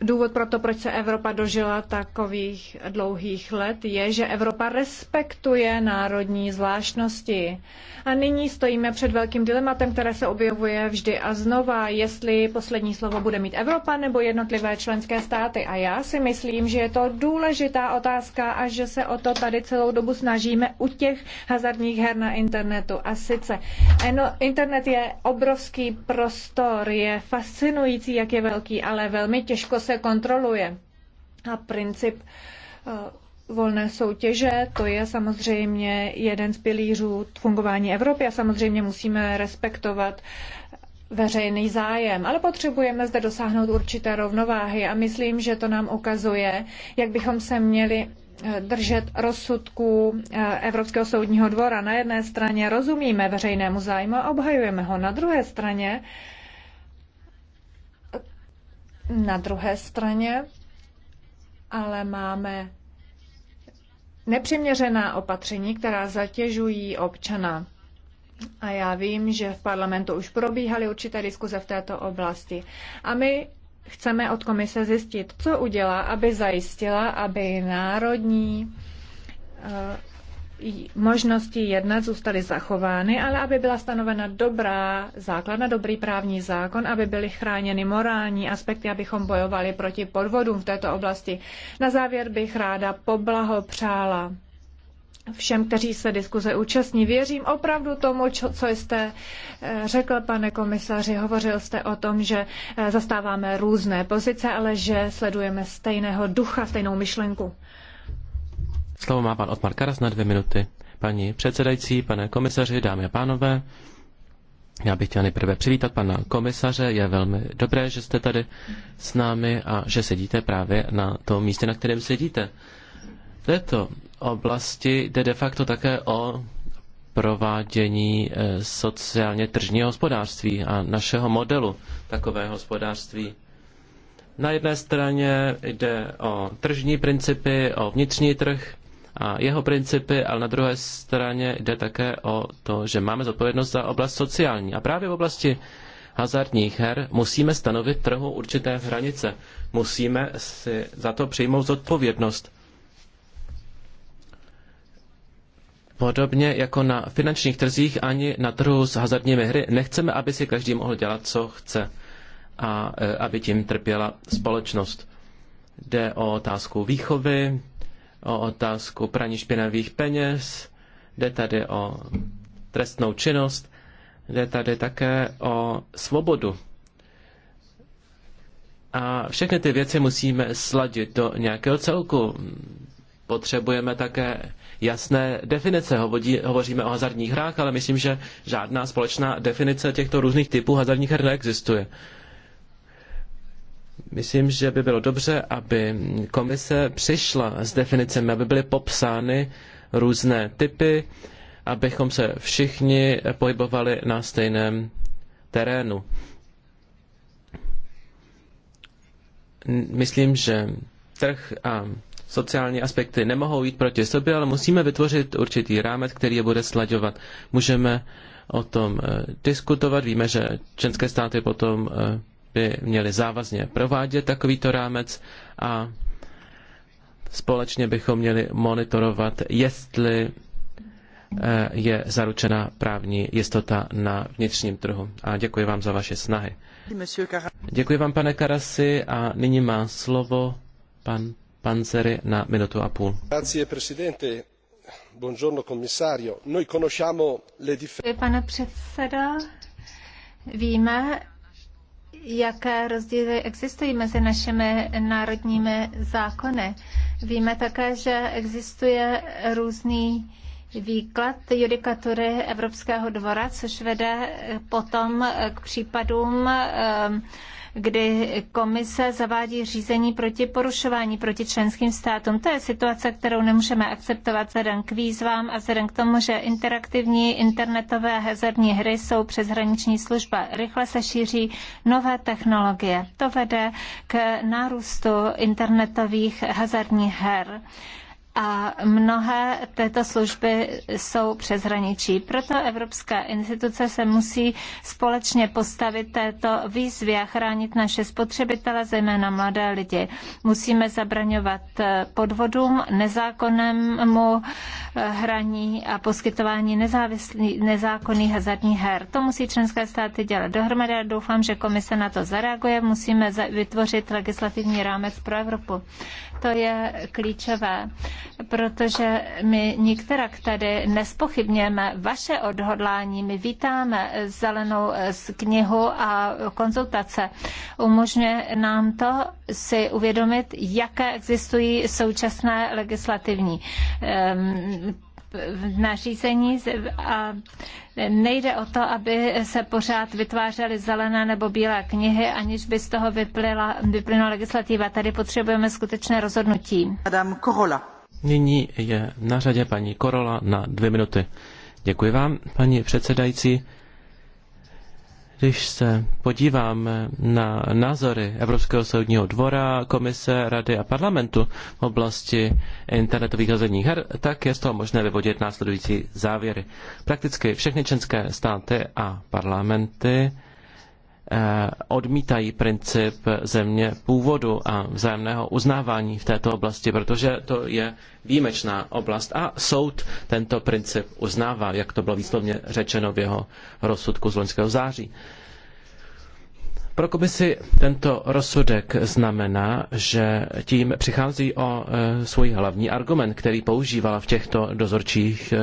Speaker 5: Důvod pro to, proč se Evropa dožila takových dlouhých let, je, že Evropa respektuje národní zvláštnosti. A nyní stojíme před velkým dilematem, které se objevuje vždy a znova, jestli poslední slovo bude mít Evropa nebo jednotlivé členské státy. A já si myslím, že je to důležitá otázka a že se o to tady celou dobu snažíme u těch hazardních her na internetu. A sice internet je obrovský prostor, je fascinující, jak je velký, ale velmi těžko se se kontroluje. A princip eh, volné soutěže, to je samozřejmě jeden z pilířů fungování Evropy a samozřejmě musíme respektovat veřejný zájem, ale potřebujeme zde dosáhnout určité rovnováhy a myslím, že to nám ukazuje, jak bychom se měli eh, držet rozsudků eh, Evropského soudního dvora. Na jedné straně rozumíme veřejnému zájmu a obhajujeme ho. Na druhé straně na druhé straně ale máme nepřiměřená opatření, která zatěžují občana. A já vím, že v parlamentu už probíhaly určité diskuze v této oblasti. A my chceme od komise zjistit, co udělá, aby zajistila, aby národní eh, možnosti jednat zůstaly zachovány, ale aby byla stanovena dobrá základna, dobrý právní zákon, aby byly chráněny morální aspekty, abychom bojovali proti podvodům v této oblasti. Na závěr bych ráda poblahopřála všem, kteří se diskuze účastní. Věřím opravdu tomu, čo, co jste eh, řekl, pane komisaři. Hovořil jste o tom, že eh, zastáváme různé pozice, ale že sledujeme stejného ducha, stejnou myšlenku.
Speaker 1: Slovo má pan Otmar Karas na dvě minuty. Paní předsedající, pane komisaři, dámy a pánové, já bych chtěl nejprve přivítat pana komisaře. Je velmi dobré, že jste tady s námi a že sedíte právě na tom místě, na kterém sedíte. V této oblasti jde de facto také o provádění eh, sociálně tržního hospodářství a našeho modelu takového hospodářství. Na jedné straně jde o tržní principy, o vnitřní trh, a jeho principy, ale na druhé straně jde také o to, že máme zodpovědnost za oblast sociální. A právě v oblasti hazardních her musíme stanovit trhu určité hranice. Musíme si za to přijmout zodpovědnost. Podobně jako na finančních trzích, ani na trhu s hazardními hry nechceme, aby si každý mohl dělat, co chce a e, aby tím trpěla společnost. Jde o otázku výchovy, o otázku praní špinavých peněz, jde tady o trestnou činnost, jde tady také o svobodu. A všechny ty věci musíme sladit do nějakého celku. Potřebujeme také jasné definice. Hovodí, hovoříme o hazardních hrách, ale myslím, že žádná společná definice těchto různých typů hazardních her neexistuje. Myslím, že by bylo dobře, aby komise přišla s definicemi, aby byly popsány různé typy, abychom se všichni pohybovali na stejném terénu. Myslím, že trh a sociální aspekty nemohou jít proti sobě, ale musíme vytvořit určitý rámec, který je bude slaďovat. Můžeme o tom eh, diskutovat, víme, že členské státy potom eh, by měli závazně provádět takovýto rámec a společně bychom měli monitorovat, jestli eh, je zaručena právní jistota na vnitřním trhu. A děkuji vám za vaše snahy. Děkuji vám, pane Karasi, a nyní má slovo pan Panzeri na minutu a půl.
Speaker 7: Děkuji, pane předseda,
Speaker 2: Víme, jaké rozdíly existují mezi našimi národními zákony. Víme také, že existuje různý výklad judikatury Evropského dvora, což vede potom k případům eh, kdy komise zavádí řízení proti porušování proti členským státům. To je situace, kterou nemůžeme akceptovat vzhledem k výzvám a vzhledem k tomu, že interaktivní internetové hazardní hry jsou přeshraniční služba. Rychle se šíří nové technologie. To vede k nárůstu internetových hazardních her a mnohé této služby jsou přeshraničí. Proto Evropská instituce se musí společně postavit této výzvě a chránit naše spotřebitele, zejména mladé lidi. Musíme zabraňovat podvodům, nezákonnému hraní a poskytování nezákonných hazardních her. To musí členské státy dělat dohromady a doufám, že komise na to zareaguje. Musíme vytvořit legislativní rámec pro Evropu. To je klíčové protože my nikterak tady nespochybněme vaše odhodlání. My vítáme zelenou eh, knihu a konzultace. Umožňuje nám to si uvědomit, jaké existují současné legislativní ehm, nařízení a nejde o to, aby se pořád vytvářely zelené nebo bílé knihy, aniž by z toho vyplynula legislativa. Tady potřebujeme skutečné rozhodnutí. Adam Korola.
Speaker 1: Nyní je na řadě paní Korola na dvě minuty. Děkuji vám, paní předsedající. Když se podíváme na názory Evropského soudního dvora, komise, rady a parlamentu v oblasti internetových hazardních her, tak je z toho možné vyvodit následující závěry. Prakticky všechny členské státy a parlamenty Eh, odmítají princip země původu a vzájemného uznávání v této oblasti, protože to je výjimečná oblast a soud tento princip uznává, jak to bylo výslovně řečeno v jeho rozsudku z loňského září. Pro komisi tento rozsudek znamená, že tím přichází o e, svůj hlavní argument, který používala v těchto dozorčích e,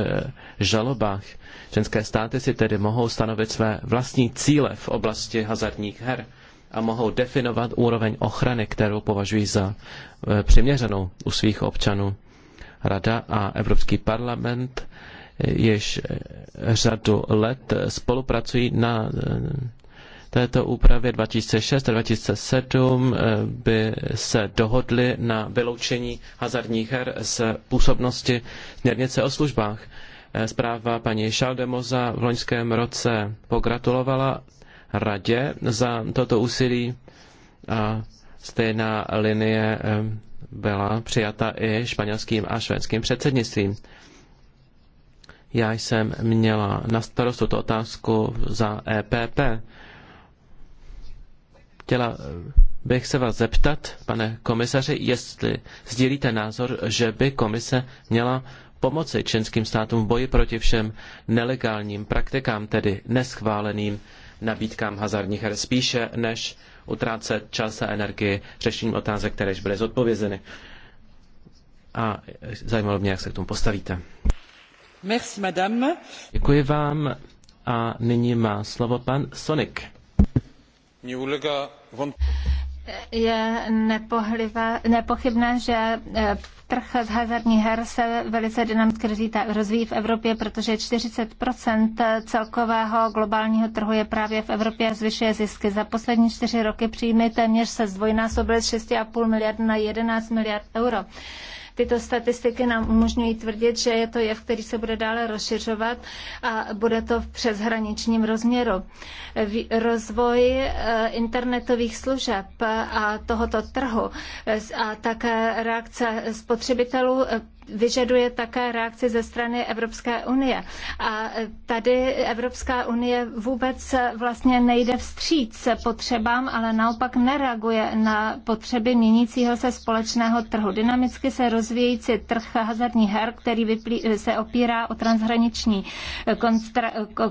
Speaker 1: žalobách. Členské státy si tedy mohou stanovit své vlastní cíle v oblasti hazardních her a mohou definovat úroveň ochrany, kterou považují za e, přiměřenou u svých občanů. Rada a Evropský parlament již řadu let spolupracují na této úpravě 2006 a 2007 eh, by se dohodly na vyloučení hazardních her z působnosti směrnice o službách. Eh, zpráva paní Šaldemoza v loňském roce pogratulovala radě za toto úsilí a stejná linie eh, byla přijata i španělským a švédským předsednictvím. Já jsem měla na starost tuto otázku za EPP Chtěla eh, bych se vás zeptat, pane komisaři, jestli sdílíte názor, že by komise měla pomoci členským státům v boji proti všem nelegálním praktikám, tedy neschváleným nabídkám hazardních her, spíše než utrácet čas a energii řešením otázek, které již byly zodpovězeny. A eh, zajímalo mě, jak se k tomu postavíte.
Speaker 3: Merci, madame.
Speaker 1: Děkuji vám. A nyní má slovo pan Sonik. Je
Speaker 2: nepochybné, že e, trh z hazardních her se velice dynamicky rozvíjí v Evropě, protože 40 celkového globálního trhu je právě v Evropě a zvyšuje zisky. Za poslední čtyři roky příjmy téměř se zdvojnásobily z 6,5 miliard na 11 miliard euro. Tyto statistiky nám umožňují tvrdit, že je to jev, který se bude dále rozšiřovat a bude to v přeshraničním rozměru. Rozvoj eh, internetových služeb a tohoto trhu eh, a také reakce spotřebitelů eh, vyžaduje také reakci ze strany Evropské unie. A tady Evropská unie vůbec vlastně nejde vstříc potřebám, ale naopak nereaguje na potřeby měnícího se společného trhu. Dynamicky se rozvíjící trh hazardních her, který se opírá o transhraniční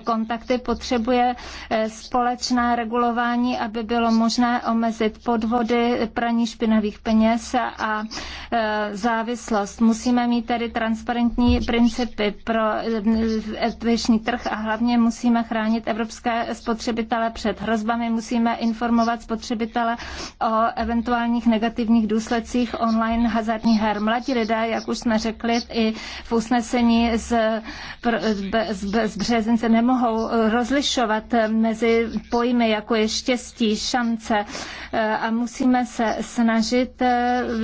Speaker 2: kontakty, potřebuje eh, společné regulování, aby bylo možné omezit podvody, praní špinavých peněz a eh, závislost. Musíme mít tedy transparentní principy pro eh, vnitřní trh a hlavně musíme chránit evropské spotřebitele před hrozbami, musíme informovat spotřebitele o eventuálních negativních důsledcích online hazardních her. Mladí lidé, jak už jsme řekli, i v usnesení z, z, z březince nemohou rozlišovat eh, mezi pojmy, jako je štěstí, šance eh, a musíme se snažit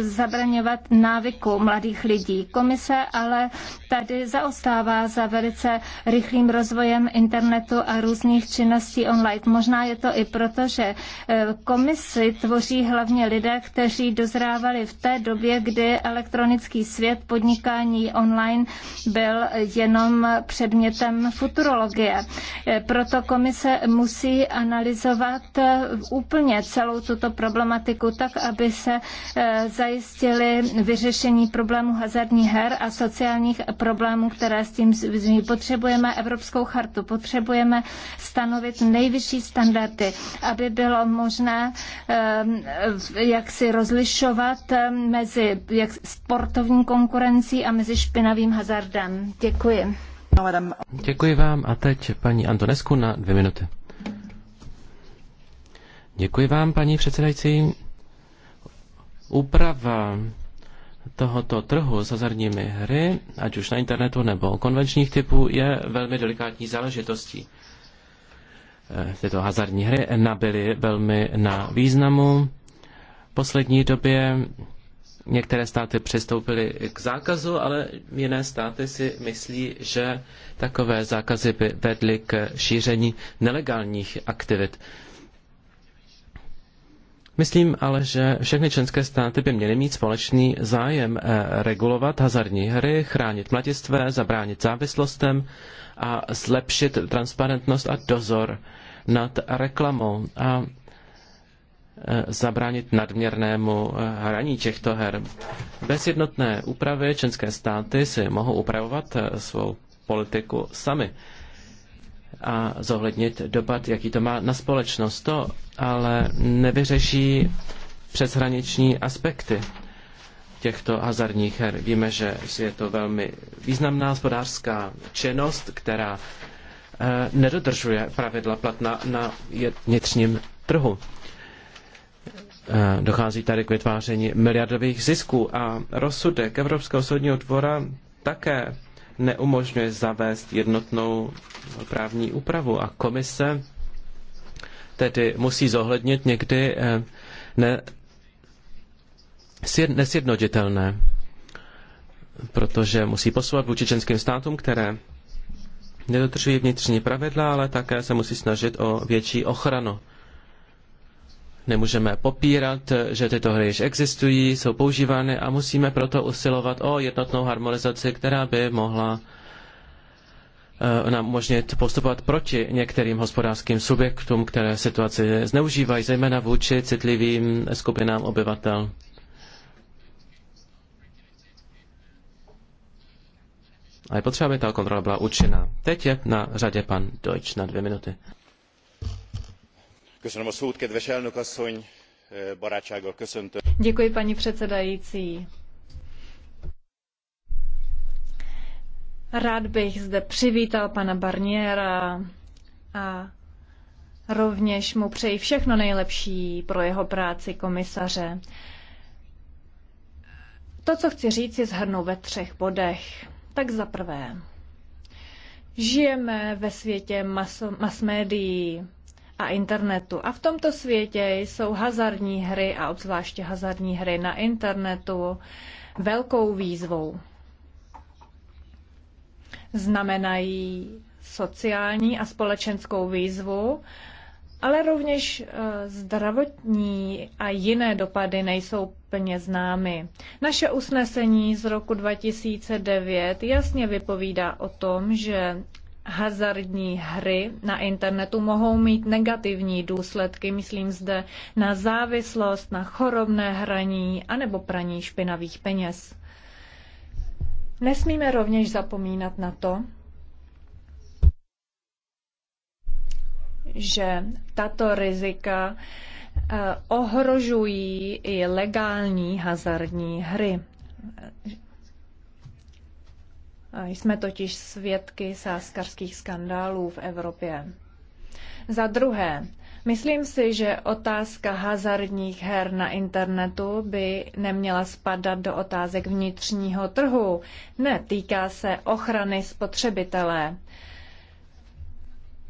Speaker 2: zabraňovat návyku mladých lidí komise ale tady zaostává za velice rychlým rozvojem internetu a různých činností online. Možná je to i proto, že eh, komisi tvoří hlavně lidé, kteří dozrávali v té době, kdy elektronický svět podnikání online byl jenom předmětem futurologie. Eh, proto komise musí analyzovat eh, úplně celou tuto problematiku tak, aby se zajistili vyřešení problému hazardní hazardních her a sociálních problémů, které s tím zví. Potřebujeme Evropskou chartu, potřebujeme stanovit nejvyšší standardy, aby bylo možné ehm, jak si rozlišovat ehm, mezi jak sportovní konkurencí a mezi špinavým hazardem. Děkuji.
Speaker 1: Děkuji vám a teď paní Antonesku na dvě minuty. Děkuji vám, paní předsedající. Úprava tohoto trhu s hazardními hry, ať už na internetu nebo konvenčních typů, je velmi delikátní záležitostí. Eh, tyto hazardní hry nabyly velmi na významu. V poslední době některé státy přistoupily k zákazu, ale jiné státy si myslí, že takové zákazy by vedly k šíření nelegálních aktivit. Myslím ale, že všechny členské státy by měly mít společný zájem eh, regulovat hazardní hry, chránit mladistvé, zabránit závislostem a zlepšit transparentnost a dozor nad reklamou a eh, zabránit nadměrnému eh, hraní těchto her. Bez jednotné úpravy členské státy si mohou upravovat svou politiku sami a zohlednit dopad, jaký to má na společnost. To ale nevyřeší přeshraniční aspekty těchto hazardních her. Víme, že je to velmi významná hospodářská činnost, která eh, nedodržuje pravidla platná na vnitřním trhu. Eh, dochází tady k vytváření miliardových zisků a rozsudek Evropského soudního dvora také neumožňuje zavést jednotnou právní úpravu a komise tedy musí zohlednit někdy eh, ne, nesjednoditelné, protože musí posouvat vůči členským státům, které nedodržují vnitřní pravidla, ale také se musí snažit o větší ochranu Nemůžeme popírat, že tyto hry již existují, jsou používány a musíme proto usilovat o jednotnou harmonizaci, která by mohla eh, nám umožnit postupovat proti některým hospodářským subjektům, které situaci zneužívají, zejména vůči citlivým skupinám obyvatel. A je potřeba, aby ta kontrola byla účinná. Teď je na řadě pan Deutsch na dvě minuty
Speaker 5: děkuji paní předsedající. rád bych zde přivítal pana barniera a rovněž mu přeji všechno nejlepší pro jeho práci komisaře. To, co chci říct, je ve třech bodech. Tak za prvé, žijeme ve světě masmédií a internetu. A v tomto světě jsou hazardní hry a obzvláště hazardní hry na internetu velkou výzvou. Znamenají sociální a společenskou výzvu, ale rovněž eh, zdravotní a jiné dopady nejsou plně známy. Naše usnesení z roku 2009 jasně vypovídá o tom, že hazardní hry na internetu mohou mít negativní důsledky, myslím zde na závislost, na chorobné hraní anebo praní špinavých peněz. Nesmíme rovněž zapomínat na to, že tato rizika eh, ohrožují i legální hazardní hry. Jsme totiž svědky sáskarských skandálů v Evropě. Za druhé, myslím si, že otázka hazardních her na internetu by neměla spadat do otázek vnitřního trhu. Ne, týká se ochrany spotřebitele.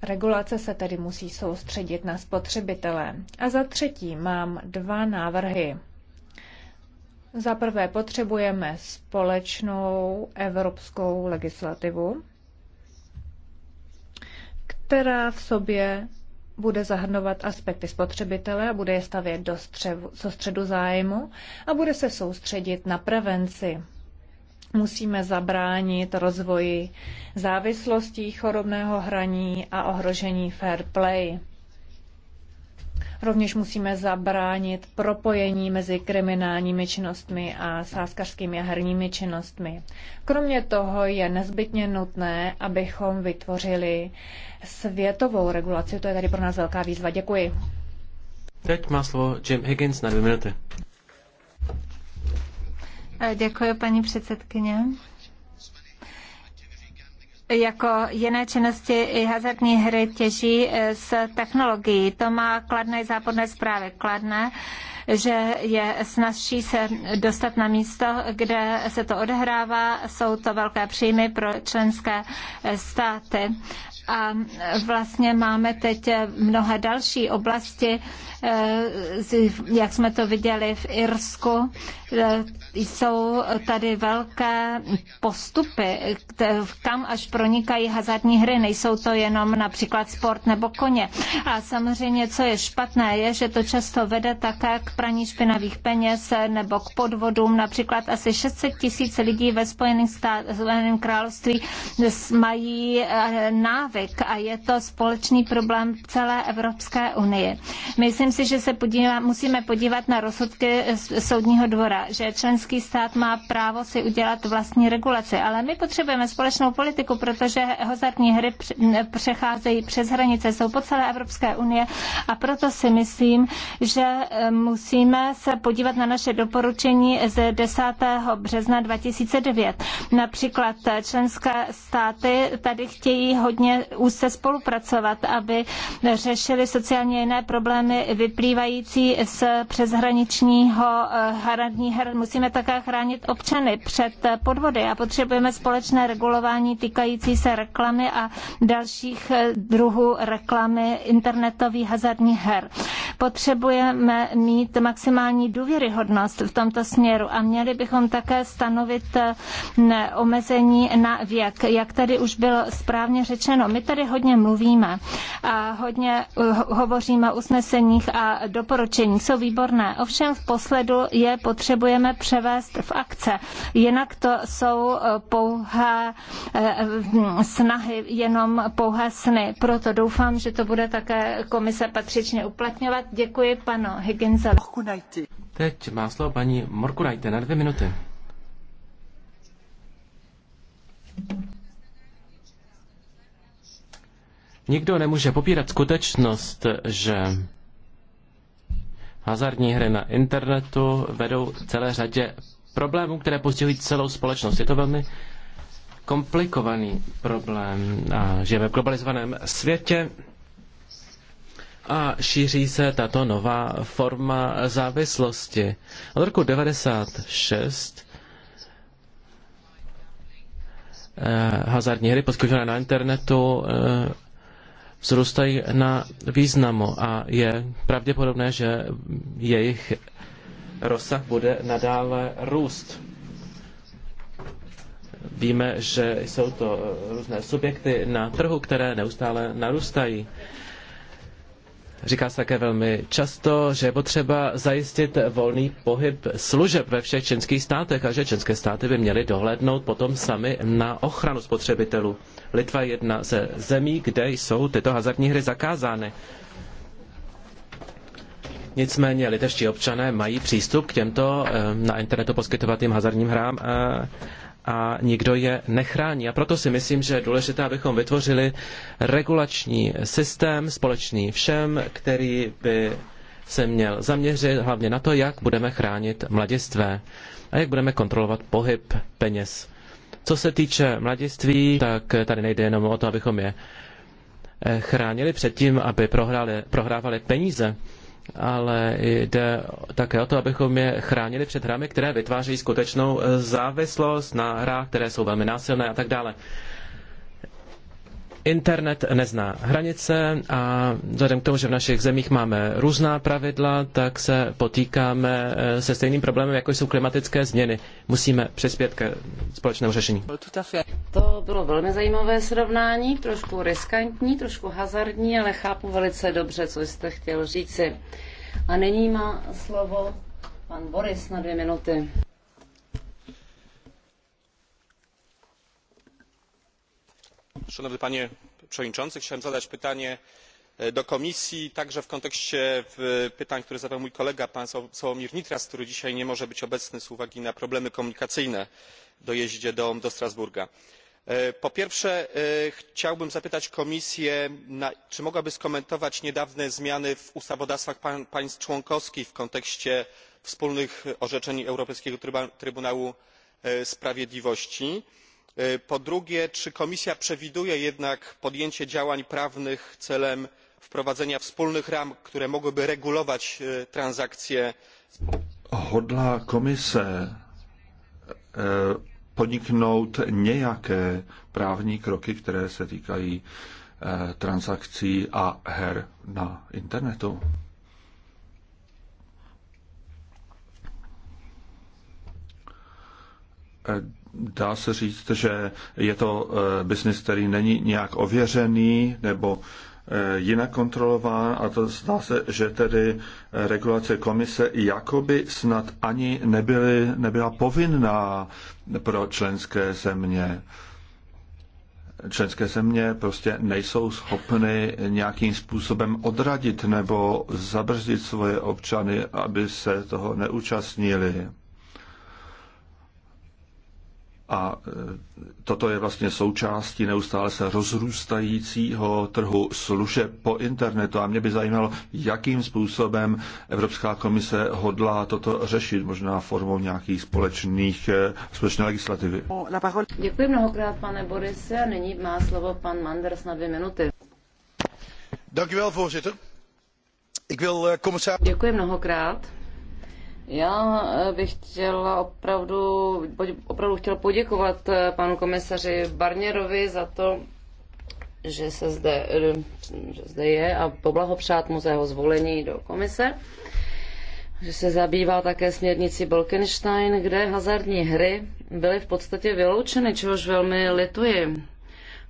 Speaker 5: Regulace se tedy musí soustředit na spotřebitele. A za třetí mám dva návrhy. Za prvé potřebujeme společnou evropskou legislativu, která v sobě bude zahrnovat aspekty spotřebitele a bude je stavět do střevu, so středu zájmu a bude se soustředit na prevenci. Musíme zabránit rozvoji závislostí, chorobného hraní a ohrožení fair play. Rovněž musíme zabránit propojení mezi kriminálními činnostmi a sázkařskými a herními činnostmi. Kromě toho je nezbytně nutné, abychom vytvořili světovou regulaci. To je
Speaker 2: tady pro nás velká výzva. Děkuji.
Speaker 1: Teď má slovo Jim Higgins na dvě minuty.
Speaker 2: Děkuji, paní předsedkyně jako jiné činnosti i hazardní hry těží eh, z technologií. To má kladné i záporné zprávy. Kladné, že je snažší se dostat na místo, kde se to odehrává. Jsou to velké příjmy pro členské eh, státy a e, vlastně máme teď e, mnohé další oblasti, e, jak jsme to viděli v Irsku, jsou tady velké postupy, kam až pronikají hazardní hry, nejsou to jenom například sport nebo koně. A samozřejmě, co je špatné, je, že to často vede také k praní špinavých peněz nebo k podvodům. Například asi 600 tisíc lidí ve Spojeném království mají návrh návyk a je to společný problém celé Evropské unie. Myslím si, že se podívá, musíme podívat na rozsudky soudního dvora, že členský stát má právo si udělat vlastní regulaci, ale my potřebujeme společnou politiku, protože hazardní hry přecházejí přes hranice, jsou po celé Evropské unie a proto si myslím, že eh, musíme se podívat na naše doporučení z 10. března 2009. Například eh, členské státy tady chtějí hodně úzce spolupracovat, aby řešili sociálně jiné problémy vyplývající z přeshraničního eh, hraní her. Musíme také chránit občany před eh, podvody a potřebujeme společné regulování týkající se reklamy a dalších eh, druhů reklamy internetových hazardních her. Potřebujeme mít maximální důvěryhodnost v tomto směru a měli bychom také stanovit omezení na věk. Jak tady už bylo správně řečeno, my tady hodně mluvíme a hodně eh, hovoříme o usneseních a doporučení. Jsou výborné. Ovšem v posledu je potřebujeme převést v akce. Jinak to jsou eh, pouhé eh, snahy, jenom pouhé sny. Proto doufám, že to bude také komise patřičně uplatňovat. Děkuji panu Higginsovi.
Speaker 1: Teď má slovo paní Morkunajte na dvě minuty. Nikdo nemůže popírat skutečnost, že hazardní hry na internetu vedou celé řadě problémů, které postihují celou společnost. Je to velmi komplikovaný problém. A žijeme v globalizovaném světě a šíří se tato nová forma závislosti. Od roku 96 eh, hazardní hry poskytované na internetu eh, vzrůstají na významu a je pravděpodobné, že jejich rozsah bude nadále růst. Víme, že jsou to různé subjekty na trhu, které neustále narůstají Říká se také velmi často, že je potřeba zajistit volný pohyb služeb ve všech členských státech a že členské státy by měly dohlédnout potom sami na ochranu spotřebitelů. Litva je jedna ze zemí, kde jsou tyto hazardní hry zakázány. Nicméně litevští občané mají přístup k těmto eh, na internetu poskytovaným hazardním hrám a eh, a nikdo je nechrání. A proto si myslím, že je důležité, abychom vytvořili regulační systém společný všem, který by se měl zaměřit hlavně na to, jak budeme chránit mladistvé a jak budeme kontrolovat pohyb peněz. Co se týče mladiství, tak tady nejde jenom o to, abychom je eh, chránili před tím, aby prohrávali peníze, ale jde také o to, abychom je chránili před hrami, které vytvářejí skutečnou eh, závislost na hrách, které jsou velmi násilné a tak dále. Internet nezná hranice a vzhledem k tomu, že v našich zemích máme různá pravidla, tak se potýkáme eh, se stejným problémem, jako jsou klimatické změny. Musíme přispět ke společnému řešení.
Speaker 8: To bylo velmi zajímavé srovnání, trošku riskantní, trošku hazardní, ale chápu velice dobře, co jste chtěl říci. A nyní má slovo pan Boris na dvě minuty.
Speaker 4: panie przewodniczący! chciałem zadać pytanie e, do komisji także w kontekście pytań które zadał mój kolega pan sławomir nitras który dzisiaj nie może być obecny z uwagi na problemy komunikacyjne w dojeździe do strasburga. E, po pierwsze e, chciałbym zapytać komisję czy mogłaby skomentować niedawne zmiany w ustawodawstwach państw członkowskich w kontekście wspólnych orzeczeń europejskiego trybunału sprawiedliwości oraz E, po drugie czy komisja przewiduje jednak podjęcie działań prawnych celem wprowadzenia wspólnych ram które mogłyby regulować e, transakcje
Speaker 7: hodlá komise e, podniknout nějaké právní kroky, které se týkají transakcí a her na internetu? dá se říct, že je to eh, biznis, který není nějak ověřený nebo eh, jinak kontrolován a to zdá se, že tedy eh, regulace komise jakoby snad ani nebyly, nebyla povinná pro členské země. Členské země prostě nejsou schopny nějakým způsobem odradit nebo zabrzdit svoje občany, aby se toho neúčastnili. A e, toto je vlastně součástí neustále se rozrůstajícího trhu služeb po internetu. A mě by zajímalo, jakým způsobem Evropská komise hodlá toto řešit, možná formou nějakých společných, e, společné legislativy.
Speaker 8: Děkuji mnohokrát, pane Borise. A nyní má slovo pan Manders na dvě minuty. Eh, Děkuji mnohokrát. Já eh, bych chtěla opravdu, opravdu chtěla poděkovat eh, panu komisaři Barnierovi za to, že se zde, eh, že zde je a poblahopřát mu za jeho zvolení do komise, že se zabývá také směrnici Bolkenstein, kde hazardní hry byly v podstatě vyloučeny, čehož velmi lituji.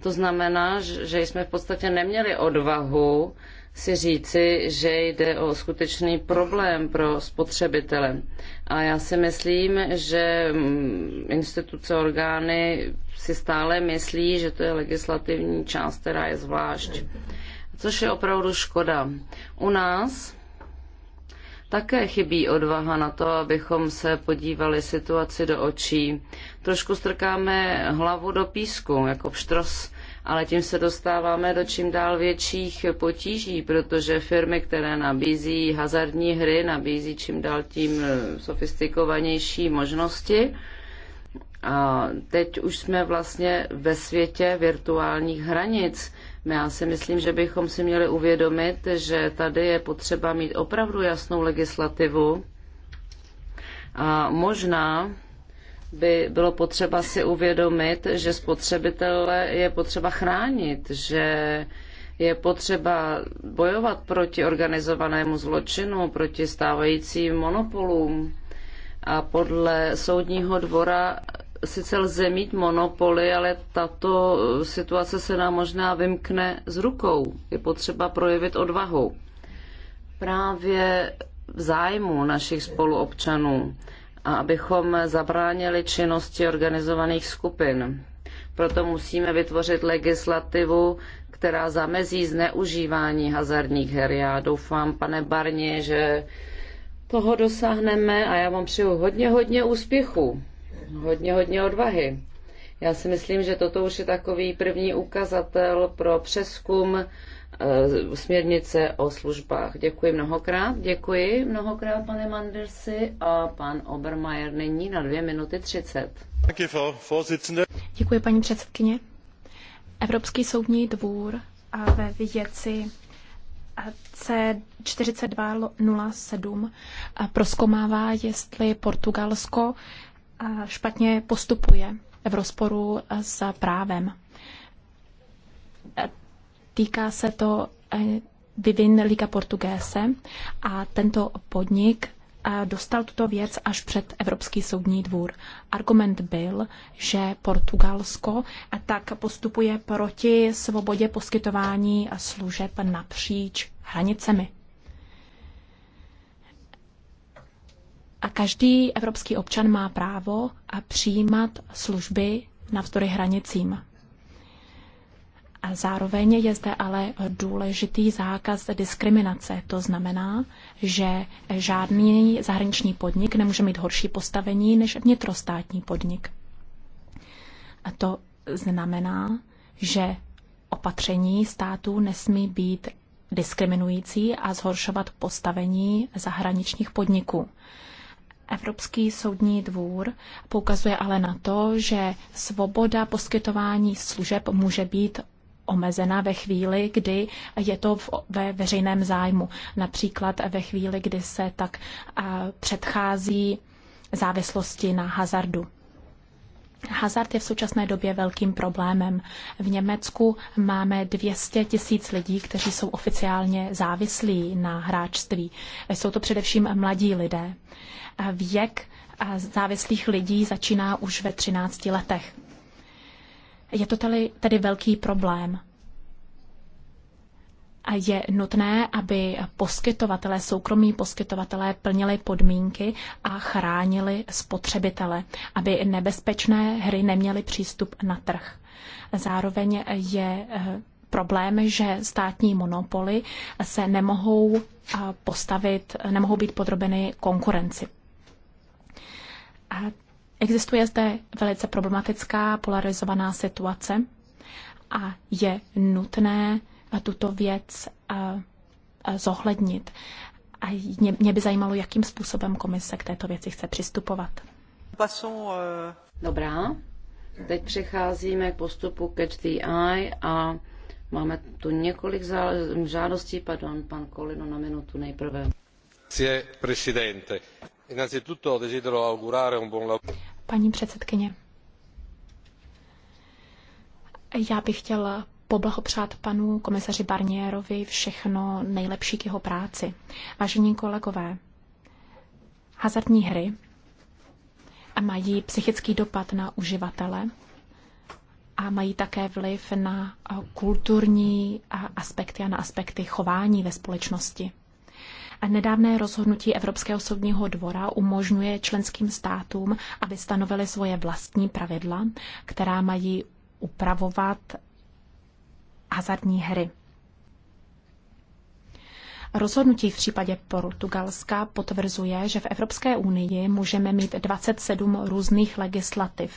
Speaker 8: To znamená, že jsme v podstatě neměli odvahu si říci, že jde o skutečný problém pro spotřebitele. A já si myslím, že mm, instituce, orgány si stále myslí, že to je legislativní část, která je zvlášť. Což je opravdu škoda. U nás také chybí odvaha na to, abychom se podívali situaci do očí. Trošku strkáme hlavu do písku, jako pštros ale tím se dostáváme do čím dál větších potíží, protože firmy, které nabízí hazardní hry, nabízí čím dál tím eh, sofistikovanější možnosti. A teď už jsme vlastně ve světě virtuálních hranic. Já si myslím, že bychom si měli uvědomit, že tady je potřeba mít opravdu jasnou legislativu. A možná by bylo potřeba si uvědomit, že spotřebitele je potřeba chránit, že je potřeba bojovat proti organizovanému zločinu, proti stávajícím monopolům. A podle soudního dvora sice lze mít monopoly, ale tato situace se nám možná vymkne z rukou. Je potřeba projevit odvahu. Právě v zájmu našich spoluobčanů a abychom zabránili činnosti organizovaných skupin. Proto musíme vytvořit legislativu, která zamezí zneužívání hazardních her. Já doufám, pane Barni, že toho dosáhneme a já vám přeju hodně, hodně úspěchů, hodně, hodně odvahy. Já si myslím, že toto už je takový první ukazatel pro přeskum Eh, směrnice o službách. Děkuji mnohokrát. Děkuji mnohokrát, pane Mandersi. A pan Obermeier není na dvě minuty třicet. Děkuji, paní předsedkyně.
Speaker 6: Evropský soudní dvůr a ve věci C4207 proskomává, jestli Portugalsko eh, špatně postupuje v rozporu s právem Týká se to eh, Vivin Liga Portugese a tento podnik eh, dostal tuto věc až před Evropský soudní dvůr. Argument byl, že Portugalsko eh, tak postupuje proti svobodě poskytování služeb napříč hranicemi. A každý evropský občan má právo a přijímat služby navzdory hranicím. Zároveň je zde ale důležitý zákaz diskriminace. To znamená, že žádný zahraniční podnik nemůže mít horší postavení než vnitrostátní podnik. A to znamená, že opatření států nesmí být diskriminující a zhoršovat postavení zahraničních podniků. Evropský soudní dvůr poukazuje ale na to, že svoboda poskytování služeb může být omezena ve chvíli, kdy je to v, ve veřejném zájmu. Například ve chvíli, kdy se tak předchází závislosti na hazardu. Hazard je v současné době velkým problémem. V Německu máme 200 tisíc lidí, kteří jsou oficiálně závislí na hráčství. Jsou to především mladí lidé. Věk závislých lidí začíná už ve 13 letech. Je to tedy, tedy velký problém. A je nutné, aby poskytovatelé, soukromí poskytovatelé plnili podmínky a chránili spotřebitele, aby nebezpečné hry neměly přístup na trh. Zároveň je eh, problém, že státní monopoly se nemohou eh, postavit, nemohou být podrobeny konkurenci. A Existuje zde velice problematická polarizovaná situace a je nutné tuto věc eh, eh, zohlednit. A mě, mě by zajímalo, jakým způsobem komise k této věci chce přistupovat.
Speaker 8: Dobrá, teď přecházíme k postupu Catch the Eye a máme tu několik žádostí. Pardon, pan Kolino na minutu nejprve.
Speaker 7: Grazie, presidente.
Speaker 1: desidero augurare un buon lavoro
Speaker 6: paní předsedkyně. Já bych chtěla poblahopřát panu komisaři Barnierovi všechno nejlepší k jeho práci. Vážení kolegové, hazardní hry mají psychický dopad na uživatele a mají také vliv na kulturní aspekty a na aspekty chování ve společnosti. Nedávné rozhodnutí Evropského soudního dvora umožňuje členským státům, aby stanovili svoje vlastní pravidla, která mají upravovat hazardní hry. Rozhodnutí v případě Portugalska potvrzuje, že v Evropské unii můžeme mít 27 různých legislativ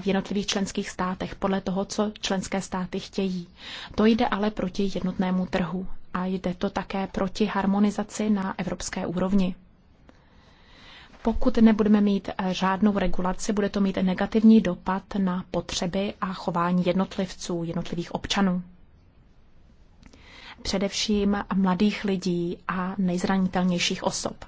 Speaker 6: v jednotlivých členských státech podle toho, co členské státy chtějí. To jde ale proti jednotnému trhu a jde to také proti harmonizaci na evropské úrovni. Pokud nebudeme mít eh, žádnou regulaci, bude to mít negativní dopad na potřeby a chování jednotlivců, jednotlivých občanů. Především mladých lidí a nejzranitelnějších osob.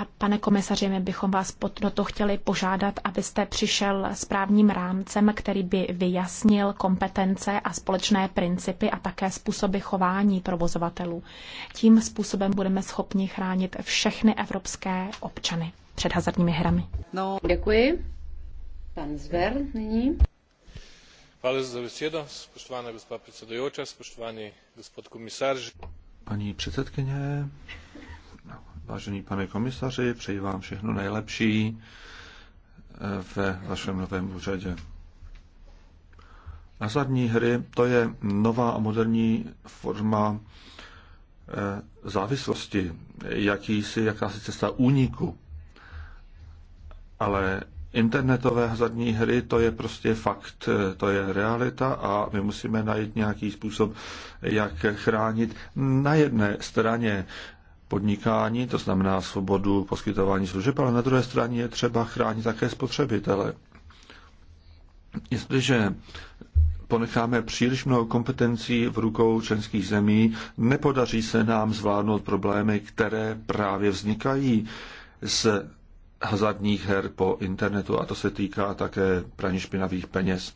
Speaker 6: A pane komisaři, my bychom vás do to chtěli požádat, abyste přišel s právním rámcem, který by vyjasnil kompetence a společné principy a také způsoby chování provozovatelů. Tím způsobem budeme schopni chránit všechny evropské občany před hazardními hrami.
Speaker 8: No, děkuji. Pan Zver nyní.
Speaker 1: Hvala za besedo, spoštovana gospa predsedujoča, spoštovani gospod komisar.
Speaker 7: Paní předsedkyně, Vážený pane komisaři, přeji vám všechno nejlepší eh, ve vašem novém úřadě. Hazardní hry to je nová a moderní forma eh, závislosti, jakýsi, jakási cesta úniku. Ale internetové hazardní hry, to je prostě fakt, eh, to je realita a my musíme najít nějaký způsob, jak chránit na jedné straně podnikání, to znamená svobodu poskytování služeb, ale na druhé straně je třeba chránit také spotřebitele. Jestliže ponecháme příliš mnoho kompetencí v rukou členských zemí, nepodaří se nám zvládnout problémy, které právě vznikají z hazardních her po internetu a to se týká také praní špinavých peněz.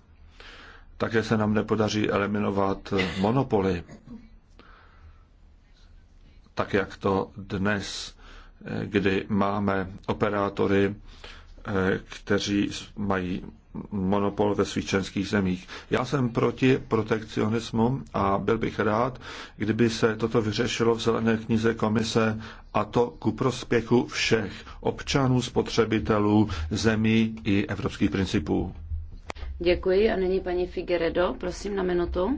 Speaker 7: Také se nám nepodaří eliminovat monopoly tak jak to dnes, kdy máme operátory, eh, kteří mají monopol ve svých členských zemích. Já jsem proti protekcionismu a byl bych rád, kdyby se toto vyřešilo v zelené knize komise a to ku prospěchu všech občanů, spotřebitelů, zemí i evropských principů.
Speaker 8: Děkuji a nyní paní Figueredo, prosím na minutu.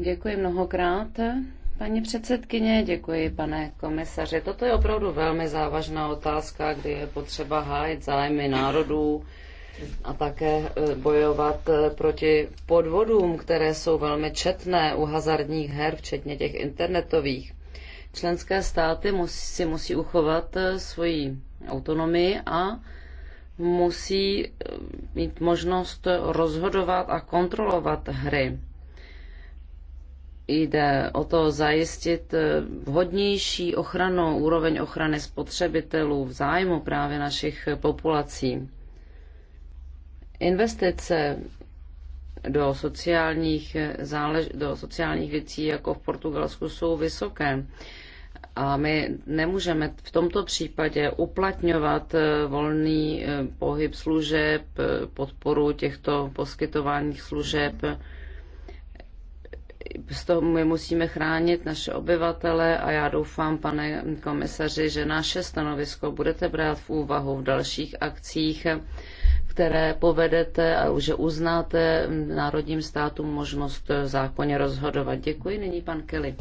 Speaker 8: Děkuji mnohokrát. Paní předsedkyně, děkuji, pane komisaři. Toto je opravdu velmi závažná otázka, kdy je potřeba hájit zájmy národů a také eh, bojovat eh, proti podvodům, které jsou velmi četné u hazardních her, včetně těch internetových. Členské státy si musí uchovat eh, svoji autonomii a musí eh, mít možnost rozhodovat a kontrolovat hry. Jde o to zajistit eh, vhodnější ochranu, úroveň ochrany spotřebitelů v zájmu právě našich populací. Investice do sociálních, eh, zálež- do sociálních věcí, jako v Portugalsku, jsou vysoké. A my nemůžeme v tomto případě uplatňovat eh, volný eh, pohyb služeb, eh, podporu těchto poskytovaných služeb. Z toho my musíme chránit naše obyvatele a já doufám, pane komisaři, že naše stanovisko budete brát v úvahu v dalších akcích, které povedete a už uznáte národním státům možnost zákonně rozhodovat. Děkuji. Nyní pan Kelly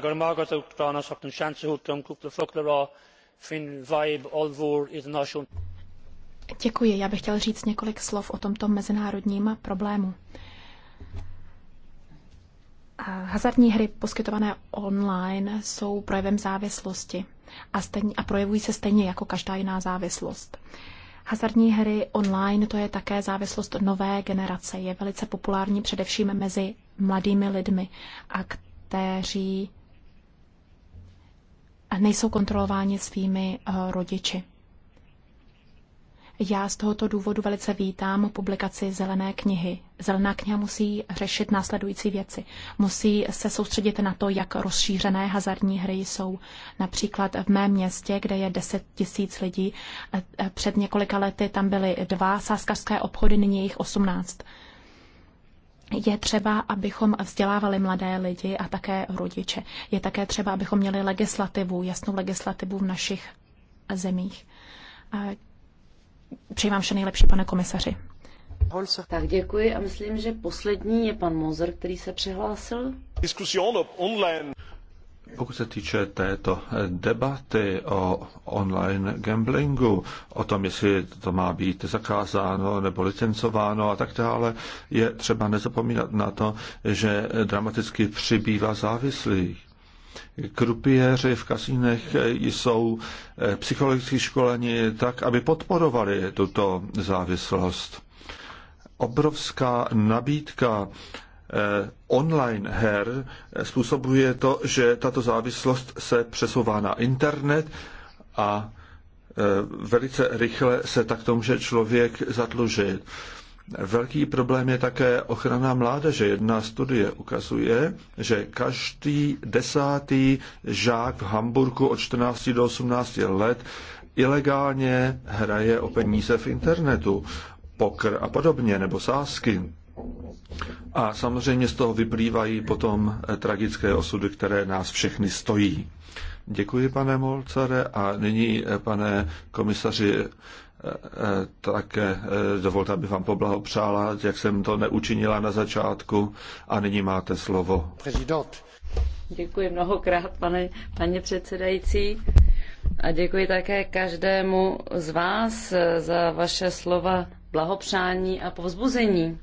Speaker 7: gur an seansa cúpla rá
Speaker 6: Děkuji. Já bych chtěl říct několik slov o tomto mezinárodním problému. Hazardní hry poskytované online jsou projevem závislosti a, stejně, a projevují se stejně jako každá jiná závislost. Hazardní hry online to je také závislost nové generace. Je velice populární především mezi mladými lidmi a kteří nejsou kontrolováni svými eh, rodiči. Já z tohoto důvodu velice vítám publikaci Zelené knihy. Zelená kniha musí řešit následující věci. Musí se soustředit na to, jak rozšířené hazardní hry jsou. Například v mém městě, kde je 10 tisíc lidí, eh, eh, před několika lety tam byly dva sáskařské obchody, nyní jich 18 je třeba, abychom vzdělávali mladé lidi a také rodiče. Je také třeba, abychom měli legislativu, jasnou legislativu v našich zemích. Přeji vám vše nejlepší, pane komisaři.
Speaker 8: Tak děkuji a myslím, že poslední je pan Mozer, který se přihlásil. Diskussion online.
Speaker 7: Pokud se týče této debaty o online gamblingu, o tom, jestli to má být zakázáno nebo licencováno a tak dále, je třeba nezapomínat na to, že dramaticky přibývá závislých. Krupiéři v kasínech jsou eh, psychologicky školeni tak, aby podporovali tuto závislost. Obrovská nabídka Eh, online her způsobuje to, že tato závislost se přesouvá na internet a eh, velice rychle se takto může člověk zadlužit. Velký problém je také ochrana mládeže. Jedna studie ukazuje, že každý desátý žák v Hamburgu od 14 do 18 let ilegálně hraje o peníze v internetu, pokr a podobně, nebo sásky. A samozřejmě z toho vyplývají potom eh, tragické osudy, které nás všechny stojí. Děkuji, pane Molcare, a nyní, eh, pane komisaři, eh, tak dovolte, abych vám poblahopřála, jak jsem to neučinila na začátku, a nyní máte slovo.
Speaker 8: Prezident. Děkuji mnohokrát, pane, paní předsedající. A děkuji také každému z vás za vaše slova blahopřání a povzbuzení.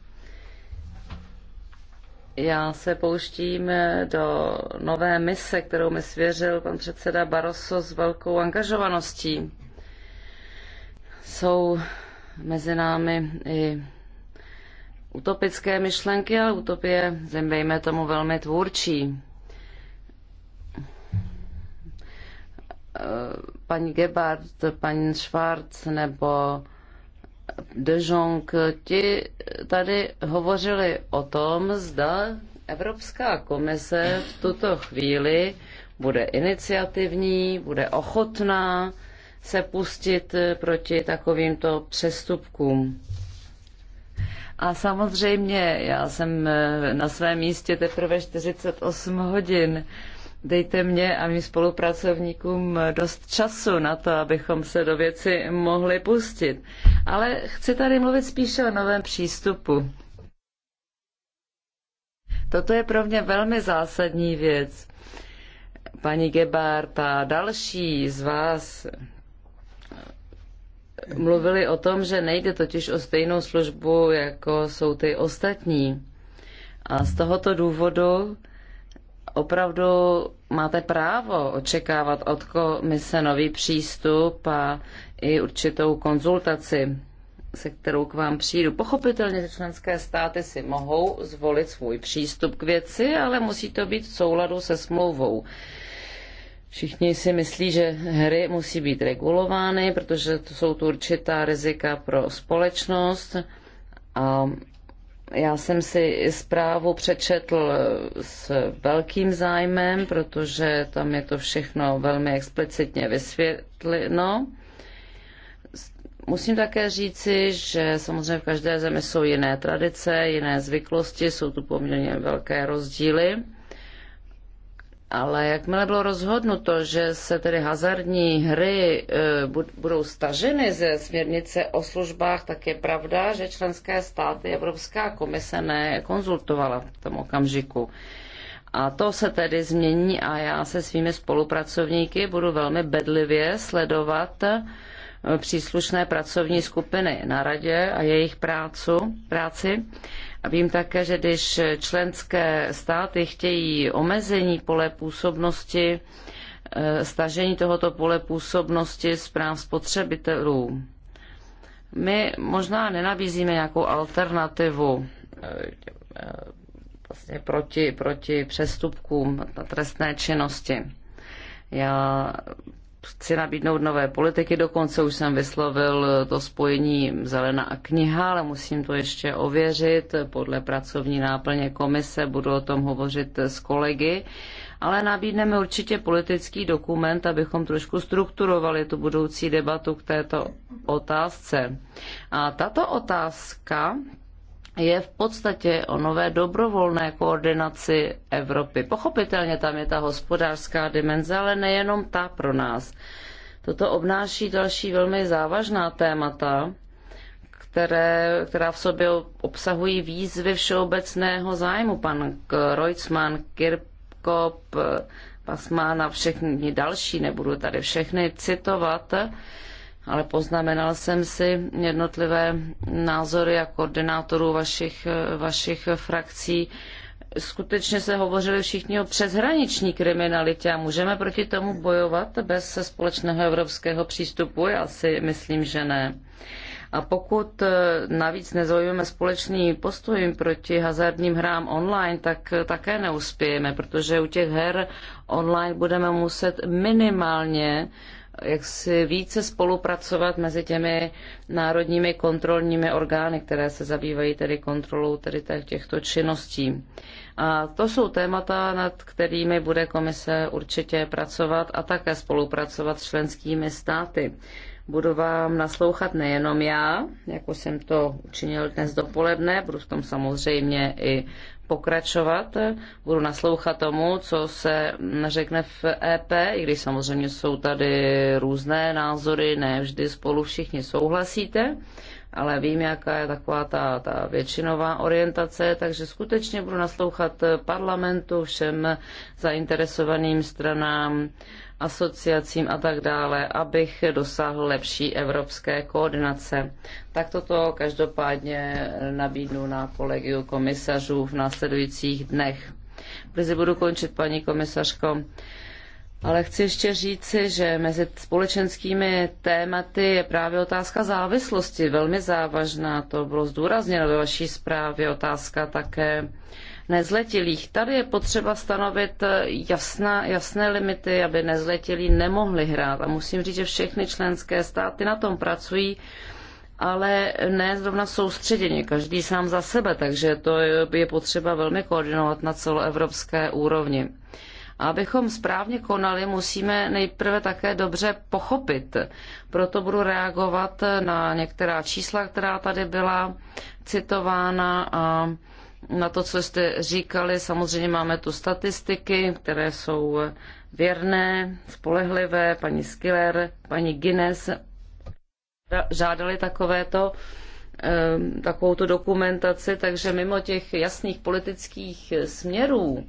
Speaker 8: Já se pouštím eh, do nové mise, kterou mi svěřil pan předseda Barroso s velkou angažovaností. Jsou mezi námi i utopické myšlenky, ale utopie, zemějme tomu, velmi tvůrčí. Eh, paní Gebhardt, paní Schwarz nebo de Jong, ti tady hovořili o tom, zda Evropská komise v tuto chvíli bude iniciativní, bude ochotná se pustit proti takovýmto přestupkům. A samozřejmě, já jsem na svém místě teprve 48 hodin, dejte mě a mým spolupracovníkům dost času na to, abychom se do věci mohli pustit. Ale chci tady mluvit spíše o novém přístupu. Toto je pro mě velmi zásadní věc. Paní Gebhardt a další z vás mluvili o tom, že nejde totiž o stejnou službu, jako jsou ty ostatní. A z tohoto důvodu opravdu máte právo očekávat od komise nový přístup a i určitou konzultaci, se kterou k vám přijdu. Pochopitelně, že členské státy si mohou zvolit svůj přístup k věci, ale musí to být v souladu se smlouvou. Všichni si myslí, že hry musí být regulovány, protože to jsou tu určitá rizika pro společnost a já jsem si zprávu přečetl s velkým zájmem, protože tam je to všechno velmi explicitně vysvětleno. Musím také říci, že samozřejmě v každé zemi jsou jiné tradice, jiné zvyklosti, jsou tu poměrně velké rozdíly. Ale jakmile bylo rozhodnuto, že se tedy hazardní hry e, budou staženy ze směrnice o službách, tak je pravda, že členské státy Evropská komise nekonzultovala v tom okamžiku. A to se tedy změní a já se svými spolupracovníky budu velmi bedlivě sledovat e, příslušné pracovní skupiny na radě a jejich prácu, práci a vím také, že když členské státy chtějí omezení pole působnosti, eh, stažení tohoto pole působnosti zpráv spotřebitelů. My možná nenabízíme nějakou alternativu eh, eh, vlastně proti, proti přestupkům na trestné činnosti. Já chci nabídnout nové politiky, dokonce už jsem vyslovil to spojení zelená a kniha, ale musím to ještě ověřit. Podle pracovní náplně komise budu o tom hovořit s kolegy, ale nabídneme určitě politický dokument, abychom trošku strukturovali tu budoucí debatu k této otázce. A tato otázka je v podstatě o nové dobrovolné koordinaci Evropy. Pochopitelně tam je ta hospodářská dimenze, ale nejenom ta pro nás. Toto obnáší další velmi závažná témata, které, která v sobě obsahují výzvy všeobecného zájmu. Pan Reutzmann, Kirkop, Pasmána, všechny další, nebudu tady všechny citovat, ale poznamenal jsem si jednotlivé názory jako koordinátorů vašich, vašich frakcí. Skutečně se hovořili všichni o přeshraniční kriminalitě a můžeme proti tomu bojovat bez společného evropského přístupu? Já si myslím, že ne. A pokud eh, navíc nezaujmeme společný postoj proti hazardním hrám online, tak eh, také neuspějeme, protože u těch her online budeme muset minimálně uh, jak si více spolupracovat mezi těmi národními kontrolními orgány, které se zabývají tedy kontrolou tedy těchto činností. A to jsou témata, nad kterými bude komise určitě pracovat a také spolupracovat s členskými státy. Budu vám naslouchat nejenom já, jako jsem to učinil dnes dopoledne, budu v tom samozřejmě i pokračovat, budu naslouchat tomu, co se řekne v EP, i když samozřejmě jsou tady různé názory, ne vždy spolu všichni souhlasíte, ale vím, jaká je taková ta, ta většinová orientace, takže skutečně budu naslouchat parlamentu, všem zainteresovaným stranám, asociacím a tak dále, abych dosáhl lepší evropské koordinace. Tak toto každopádně nabídnu na kolegiu komisařů v následujících dnech. Brzy budu končit, paní komisařko. Ale chci ještě říci, že mezi společenskými tématy je právě otázka závislosti velmi závažná. To bylo zdůrazněno ve vaší zprávě. Otázka také nezletilých. Tady je potřeba stanovit eh, jasná, jasné limity, aby nezletilí nemohli hrát. A musím říct, že všechny členské státy na tom pracují, ale ne zrovna soustředěně, každý sám za sebe, takže to je potřeba velmi koordinovat na celoevropské úrovni. A abychom správně konali, musíme nejprve také dobře pochopit. Proto budu reagovat na některá čísla, která tady byla citována a na to, co jste říkali. Samozřejmě máme tu statistiky, které jsou věrné, spolehlivé. Paní Skiller, paní Guinness žádali takovéto ehm, takovouto dokumentaci, takže mimo těch jasných politických směrů,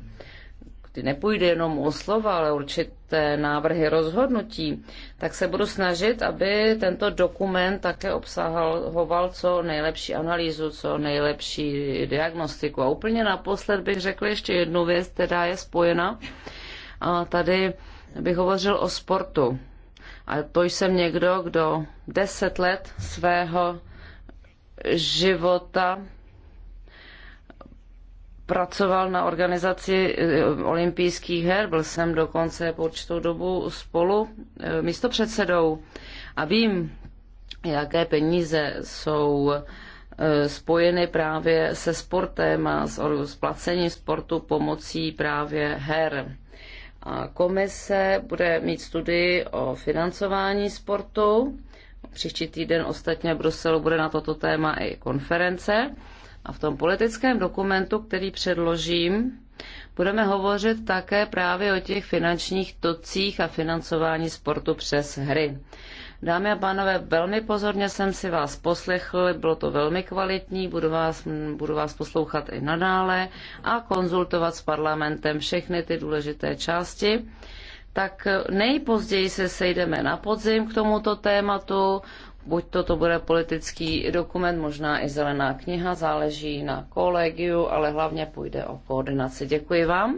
Speaker 8: nepůjde jenom o slova, ale určité návrhy rozhodnutí, tak se budu snažit, aby tento dokument také obsahoval co nejlepší analýzu, co nejlepší diagnostiku. A úplně naposled bych řekl ještě jednu věc, která je spojena. A tady bych hovořil o sportu. A to jsem někdo, kdo deset let svého života pracoval na organizaci eh, olympijských her, byl jsem dokonce po určitou dobu spolu eh, místopředsedou a vím, jaké peníze jsou eh, spojeny právě se sportem a s placením sportu pomocí právě her. A komise bude mít studii o financování sportu. Příští týden ostatně v Bruselu bude na toto téma i konference. A v tom politickém dokumentu, který předložím, budeme hovořit také právě o těch finančních tocích a financování sportu přes hry. Dámy a pánové, velmi pozorně jsem si vás poslechl, bylo to velmi kvalitní, budu vás, budu vás poslouchat i nadále a konzultovat s parlamentem všechny ty důležité části. Tak nejpozději se sejdeme na podzim k tomuto tématu, Buď to, to bude politický dokument, možná i zelená kniha, záleží na kolegiu, ale hlavně půjde o koordinaci. Děkuji vám.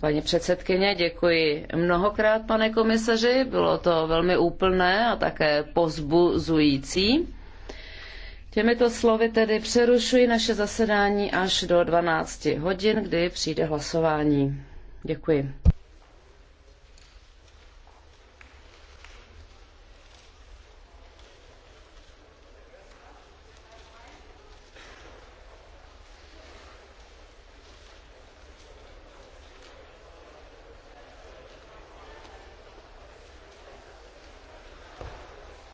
Speaker 8: Paní předsedkyně, děkuji mnohokrát, pane komisaři. Bylo to velmi úplné a také pozbuzující. Těmito slovy tedy přerušuji naše zasedání až do 12 hodin, kdy přijde hlasování. Děkuji.